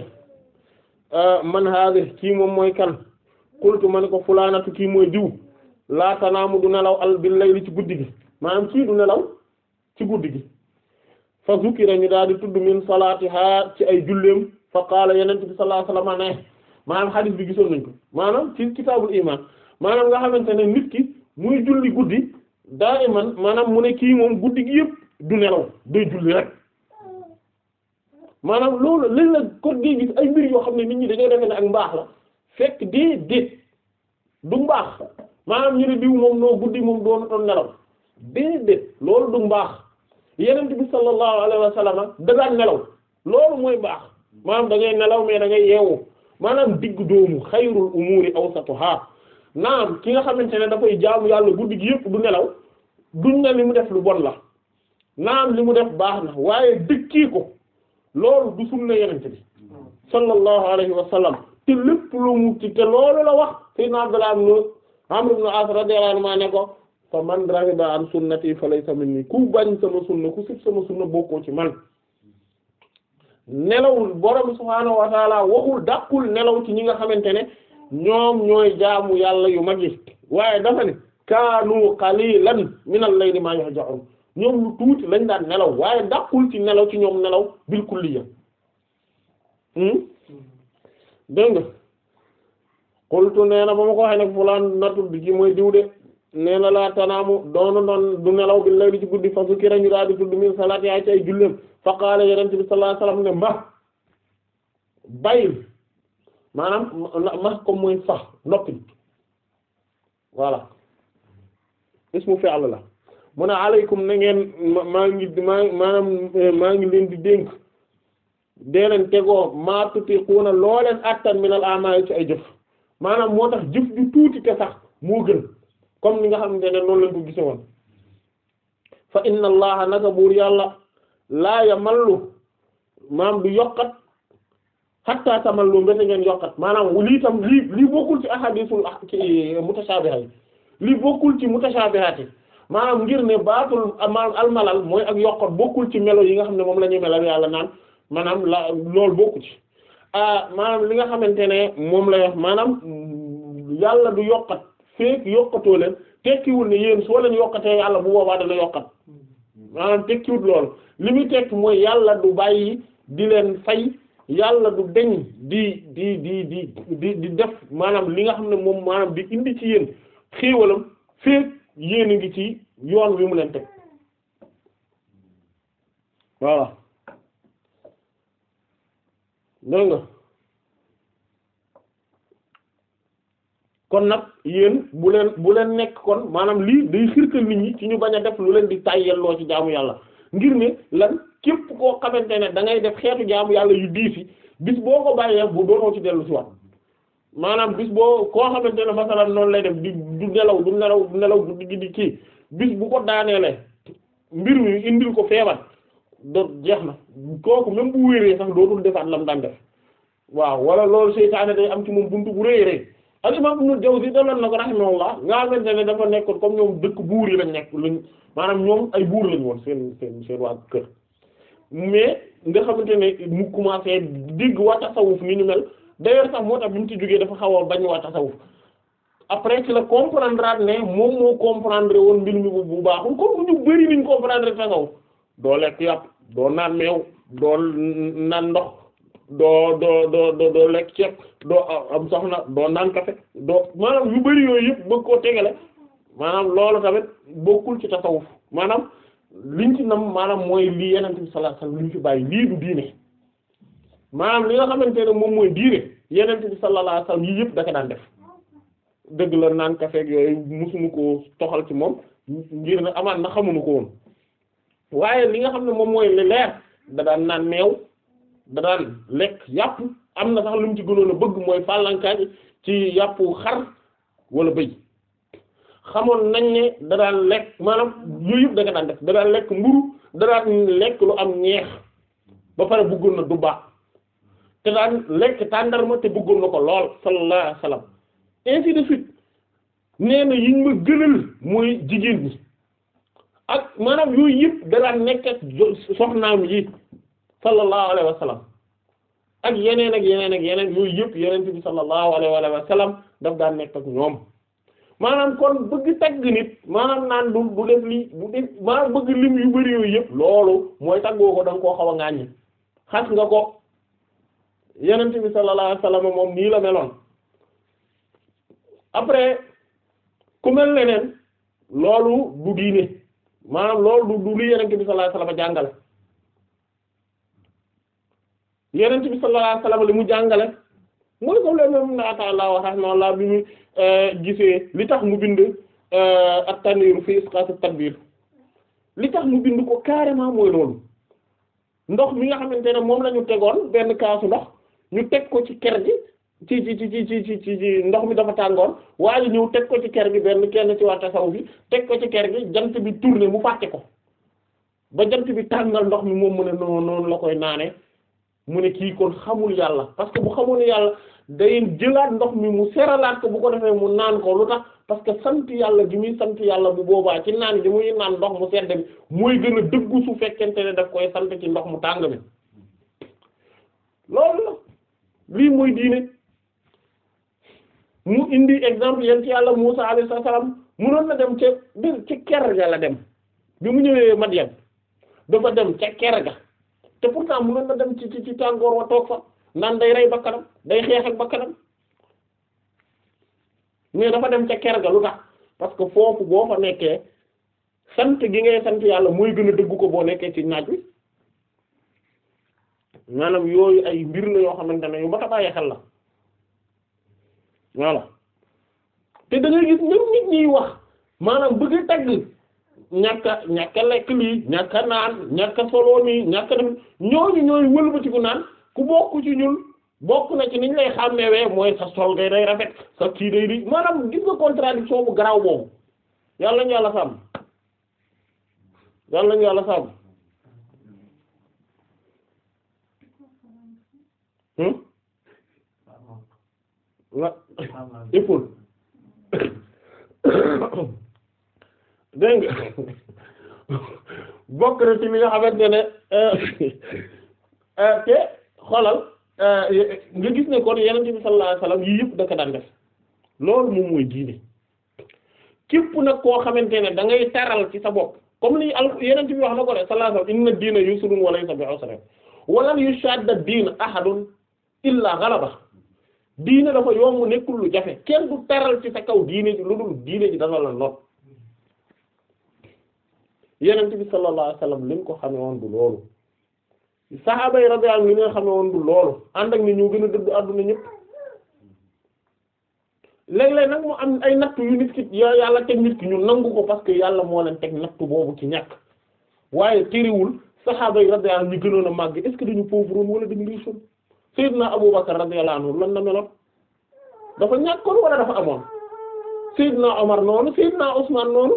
ah, man haadi kii moom mooy kan kultu ma ne ko fulaanatu kii mooy diw laata naamu du nelaw al bil ci guddi gi maanaam ci du nelaw ci guddi gi fa zukira ñu daal di tudd min salaatiha ci ay julleem fa qaala yonent bi sallallahu alayhi wasallam ne maanaam hadith bi gisoon nañ maa maanaam ci kitaabul iman maanaam nga xamante ne nit ki muy julli guddi daa iman maanaam mu ne kii moom guddi gi yëpp du nelaw day julli rek maanaam loolu léegi nag kon ngay gis ay mbir yoo xam ne nit ñi dañoo defe ne ak mbaax la fekk dee dee du mbaax maanaam ñu ne diw moom noo guddi moom doon doon nelaw dee dee loolu du mbaax yenent bi sallallahu alayhi wa sallam da daan nelaw loolu mooy mbaax maanaam da nelaw mais da ngay yeewu maanaam digg doomu xayrul umuri awsatuha naam ki nga xamante ne dafay jaamu yàlla guddi gi yëpp du nelaw duñ ne li mu def lu bon la naam li mu def baax na waaye dëkkii loolu du sunna yenente bi sallallahu alayhi wa sallam te lépp lu mu ci te loolu la wax sayyidina Abdullah ibn Amr ibn As radiyallahu anhu ne ko fa man raxiba an sunnati falaysa minni ku bañ sama sunna ku sib sama sunna bokkoo ci man nelawul borom subhaanahu wa taala waxul dàqul nelaw ci ñi nga xamante ne ñoom ñooy jaamu yàlla yu mag yi waaye dafa ne kaanu qalilan min al-layli ma yahja'un ñoom lu tuuti lañ daan nelaw waaye dàqul ci nelaw ci ñoom nelaw bil kulliya hmm? dégg nga xultu nee na ba ma ko waxee nag fulaan natul bi mooy diw de nee na laa tanaamu doonu doon du nelaw bi lay di ci guddi fa sukkira ñu daal di tudd min salaat yaay ci ay julleem fa qaala yonent bi sallallahu alayhi ne mba bayil maanaam ma comme mooy fax noppi voilà ismu fi'l la mu ne na ngeen maa ngi maa maanaam eh, maa ngi leen di dénk dee leen tegoo maa tutiquuna loo leen attan minal a'maal ci ay jëf maanaam moo tax jëf ju tuuti te sax moo gën comme ni nga xam ne noonu leen ko gise woon fa inna allaha naka buur yàlla laa yamallu maam du yokkat hatta tamallu mbete ngeen yokkat maanaam lii tam lii lii bokkul ci ahadisul ah, ci eh, mutashaabiha yi lii bokkul ci mutashaabihati maanaam ngir ne baatul amal almalal mooy ak yokkot bokkul ci melo yi nga xam ne moom la ñuy melal yàlla naan maanaam la loolu bokku ci ah, maanaam li nga xamante ne moom lay wax maanaam yàlla du yokkat feek yokkatoo leen tekkiwul ne yéen soo leen yokkatee yàlla bu boobaa dana maanaam tekkiwut loolu li muy tekki mooy yàlla du bàyyi di leen fay yàlla du deñ di di di di di di maanaam li nga xam ne moom maanaam di indi ci yéen xéewalam feek yéen a ngi ci yoon wi mu leen teg voilà dégg nga kon nag yéen bu leen bu leen nekk kon maanaam lii day xirtal nit ñi ci ñu bañ a def lu leen di tàyyelloo ci jaamu yàlla ngir ne lan képp koo xamante ne da ngay def xeetu jaamu yàlla yu diisi bis boo ko bàyyee bu doonoo ci dellu si waat maanaam bis boo koo xamante ne masalan noonu lay def di du nelaw du nelaw du nelaw du di kii bis bu ko daanee daaneele mbir mi indil ko feebar do jeex na kooku même bu wéree sax dootul defaat lam daan def waaw wala loolu seytaane day am ci moom bunt bu rëy rëy al imam Ibnu Jawzi daloon na ko rahimahullah nga xamante ne dafa nekkoon comme ñoom dëkk buur yi lañ nekk lañ maanaam ñoom ay buur lañ woon seen seen seen waa kër mais nga xamante ne mu commencé digg waa tasawuf ni ñu mel d'ailleurs sax moo tax bi mu ci jógee dafa xaw a bañ waa tasawuf après ki la comprendre ne moom moo comprendre woon mbir mi bu baaxul comme ñu bari niñ comprendre tasawuf doo lekk yàpp doo naan meew doo naan ndox doo doo doo doo lekk ceeb doo am soxna doo naan café doo maanaam yu bari yooyu yëpp bëgg koo tegale maanaam loolu tamit bokkul ci tasawuf maanaam liñ ci nam maanaam mooy lii yeneen bi sallallahu alayhi wasallam liñ ci bàyyi lii du diine maanaam li nga xamante ne moom mooy diine yeneen bi sallallahu alayhi wasallam yii yëpp da ko daan def dëgg la naan kafe ak yooyu musuñu ko toxal ci moom ngir na amaan na xamuñu ko woon waaye li nga xam ne moom mooy li leer daan naan meew da daan lekk yàpp am na sax lu mu ci gënoon a bëgg mooy fàllankaay ci yàpp xar wala bëy xamoon nañ ne da lekk maanaam yooyu yëpp danga daan def da lekk mburu da lekk lu am ñeex ba pare bëggoon na du baax. te daan lekk tàndarma te bëggoon na ko lool sallallahu alayhi wa sallam ainsi de suite nee yiñ ma gënal mooy jigéen bi ak maanaam yooyu yëpp da daan nekk ak soxnaam yi sallallahu wa sallam ak yeneen ak yeneen ak yeneen yooyu yëpp yeneen bi sallallahu alayhi wa sallam daf daan nekk ak ñoom maanaam kon bëgg tagg nit maanaam naan du du def lii maanaam bëgg lim yu bari yooyu yëpp loolu mooy taggoo ko da koo xaw a ŋàññi xas nga ko yenente bi sallallahu alayhi wasallam moom nii la meloon après ku mel leneen loolu du diine maanaam loolu du lu yenente bi sallallahu alayhi wasallam jàngale yenente bi sallallahu alayhi wasallam li mu jàngale mooy comme le moom na ta'ala wa rahmatullah bi mu euh, gisee li tax mu bind euh, at-tanwir fi isqat at-tadbir li tax mu bind ko carrément mooy loolu ndox mi nga xamante ne moom lañu ñu tegoon benn kaasu ndox ñu teg ko ci ker gi ci ci ci ci ci ci ndox mi dafa tàngoon waaye ñëw teg ko ci ker gi benn kenn ci waa tasaw bi teg ko ci ker gi jant bi tourné mu fàtte ko ba jant bi tàngal ndox mi moom mu ne noonu noonu la koy naane mu ne kii kon xamul yàlla parce que bu xamul yàlla day jëlaat ndox mi mu seralaat ko bu ko defee mu naan ko lu tax parce que sant yàlla gi muy sant yàlla bu boobaa ci naan gi muy naan ndox mu sedd bi mooy gën a dëggu su fekkente ne daf koy sant ci ndox mu tàng mi loolu lii mooy diine mu indi exemple yéen ci yàlla Musa alayhi salaam munoon na dem ca ca ker ga la dem bi mu ñëwee Madian dafa dem ca ker ga te pourtant munoon na dem ci ci ci tàngoor wa toog fa naan day rey bakkanam day xeex ak bakkanam mais dafa dem ca ker ga lu tax parce que foofu boo fa nekkee sant gi ngay sant yàlla mooy gën a dëggu ko boo nekkee ci naaj wi maanaam yooyu ay mbir la yoo xamante ne yu mat a bàyyi la voilà te dangay gis même nit ñiy wax maanaam bëgg a tagg ñàkk ñàkk lekk lii ñàkk a naan ñàkk a solo nii ñàkk a dem ñooñu ñooy wëlbatiku naan ku bokk ci ñun bokk na ci niñ lay xàmmewee mooy sa sol day day sa kii day di maanaam gis nga contradiction bu garaaw boobu yàlla ñu yàlla sàmm yàlla ñu yàlla sàmm wa hmm? épaule dégg nga bokk na ci li nga xamante ne euh, euh, te xoolal euh, nga gis ne kon yenente bi sallallahu alayhi wasallam yii yëpp da ko daan def loolu moom mooy diine képp nag koo xamante ne dangay ngay taral ci sa bopp comme li al yenente bi wax na ko ne sallallahu alayhi wasallam inna diina wa laysa diin ahadun illaa galaba diine dafa yomb nekkul lu jafe kenn du teral ci sa kaw diine ji lu dul diine ji dafa la not yenent bi sallallahu alayhi wasallam li ñu ko xame woon du loolu saxaaba yi radiyallahu ànd ak ni ñu gën a dëddu àdduna ñëpp léeg-léeg nag mu am ay natt yu nit ki yàlla teg nit ki ñu nangu ko parce que yàlla moo leen teg natt boobu ci ñàkk waaye téerewul saxaaba yi radiyallahu anhum ñu gënoon a màgg est dañu pauvre woon wala dañu riche woon Seydina Aboubacar radiyallahu anhu lan la meloon dafa ñàkkoon wala dafa amoon Seydina Omar noonu Seydina Ousmane noonu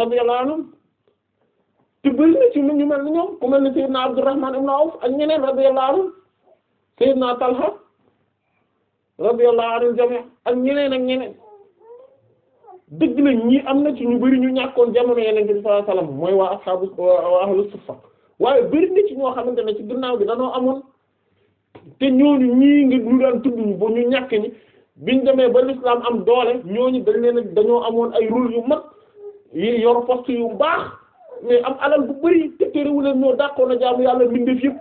radiyallahu anhu te na ci lu ñu mel ni ñoom ku mel ni Seydina Abdourahman ibn Awf ak ñeneen radiyallahu anhu Seydina Talha radiyallahu anhu jami' ñeneen ak ñeneen dëgg la ñii am na ci ñu bëri ñu ñàkkoon jamono yeneen bi sallallahu alayhi wasallam mooy waa ashaabu waa ahlus suffa waaye bëri na ci ñoo xamante ne ci ginnaaw gi dañoo amoon te ñooñu ñii ngi lu daan tudd ñu ba ñu ñàkk ñi biñ demee ba l'islam am doole ñooñu dañ leen dañoo amoon ay rôle yu mag yi yor poste yu baax mais am alal bu bëri te terewu leen ñoo dàqoon na jaamu yàlla mbindeef yëpp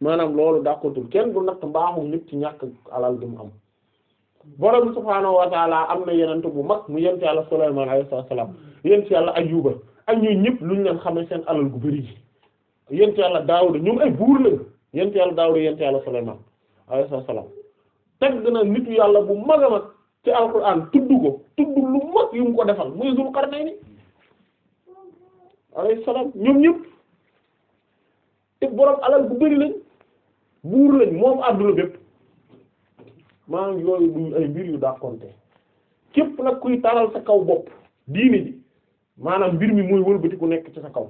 maanaam loolu dàqatul kenn du natt mbaaxu ñëpp ci ñàkk alal gi mu am borom subhaanahu wa am na yenent bu mag mu yent yàlla Sulaymaan alayhi salaam yent yàlla Ayyuba ak ñuy ñëpp luñ leen xamee seen alal gu bëri ji yent yàlla Daawuda ñoom ay buur la yent yàlla Daawuda yent yàlla Sulaymaan alayhi salaam teg na nitu yàlla bu mag a mag ci alquran tudd ko tudd lu mag yu mu ko defal muy Zul Qarnayni alayhi salaam ñoom ñëpp te borom alal gu bëri lañ buur lañ moom àdduna bépp maanaam yooyu du ay mbir yu daa compter képp nag kuy taral sa kaw bopp diini ji maanaam mbir mi mooy wëlbati ku nekk ci sa kaw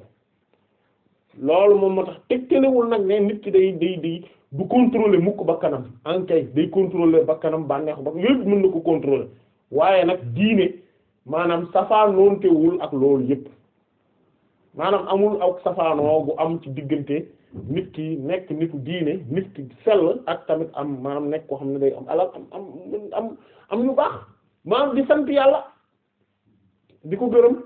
loolu moom moo tax tegtalewul nag ne nit ki day day di du contrôler mukk bakkanam ankay day contrôler bakkanam bànneexu ba yëpp mën na ko contrôler waaye nag diine maanaam safaanoontewul ak loolu yëpp maanaam amul ak safaanoo gu am ci diggante nit ki nekk nitu diine nit ki sell ak tamit am maanaam nekk koo xam ne day am alal am am am yu baax maanaam di sant yàlla di ko gërëm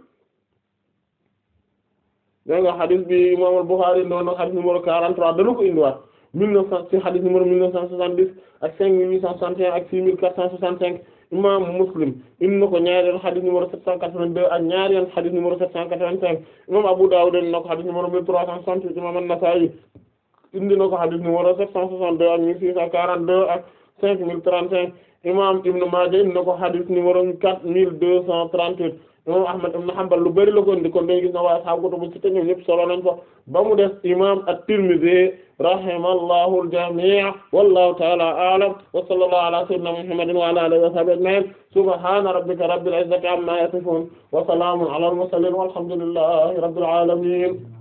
dégg nga xadis bi imam al-Bukhari doon na xadis numéro 43 dana ko indiwaat mille neuf cent ci xadis numéro mille neuf cent soixante-dix ak cinq mille huit cent soixante-et-un ak six mille quatre cent soixante-cinq imam Muslim indi na ko ñaari yoon xadis numéro 782 ak ñaari yoon xadis imam Abu Dawud indi na ko xadis numéro 1368 imam An-Nasa'i indi na ko xadis numéro 762 ak 1642 ak 5035 imam Ibn Majah indi na ko imam Ahmad ibn Hanbal lu bari la ko indi kon dañu gis na waa ashaabu kutubu sitta ñoom ñëpp solo nañ ko ba mu des imam at-Tirmidhi rahimallahu al-jami' wallahu ta'ala a'lam wa sallallahu ala sayyidina Muhammadin wa ala alihi wa sahbihi ajma'in subhana rabbika rabbil izzati amma yasifun wa salamun ala al-mursalin walhamdulillahi rabbil alamin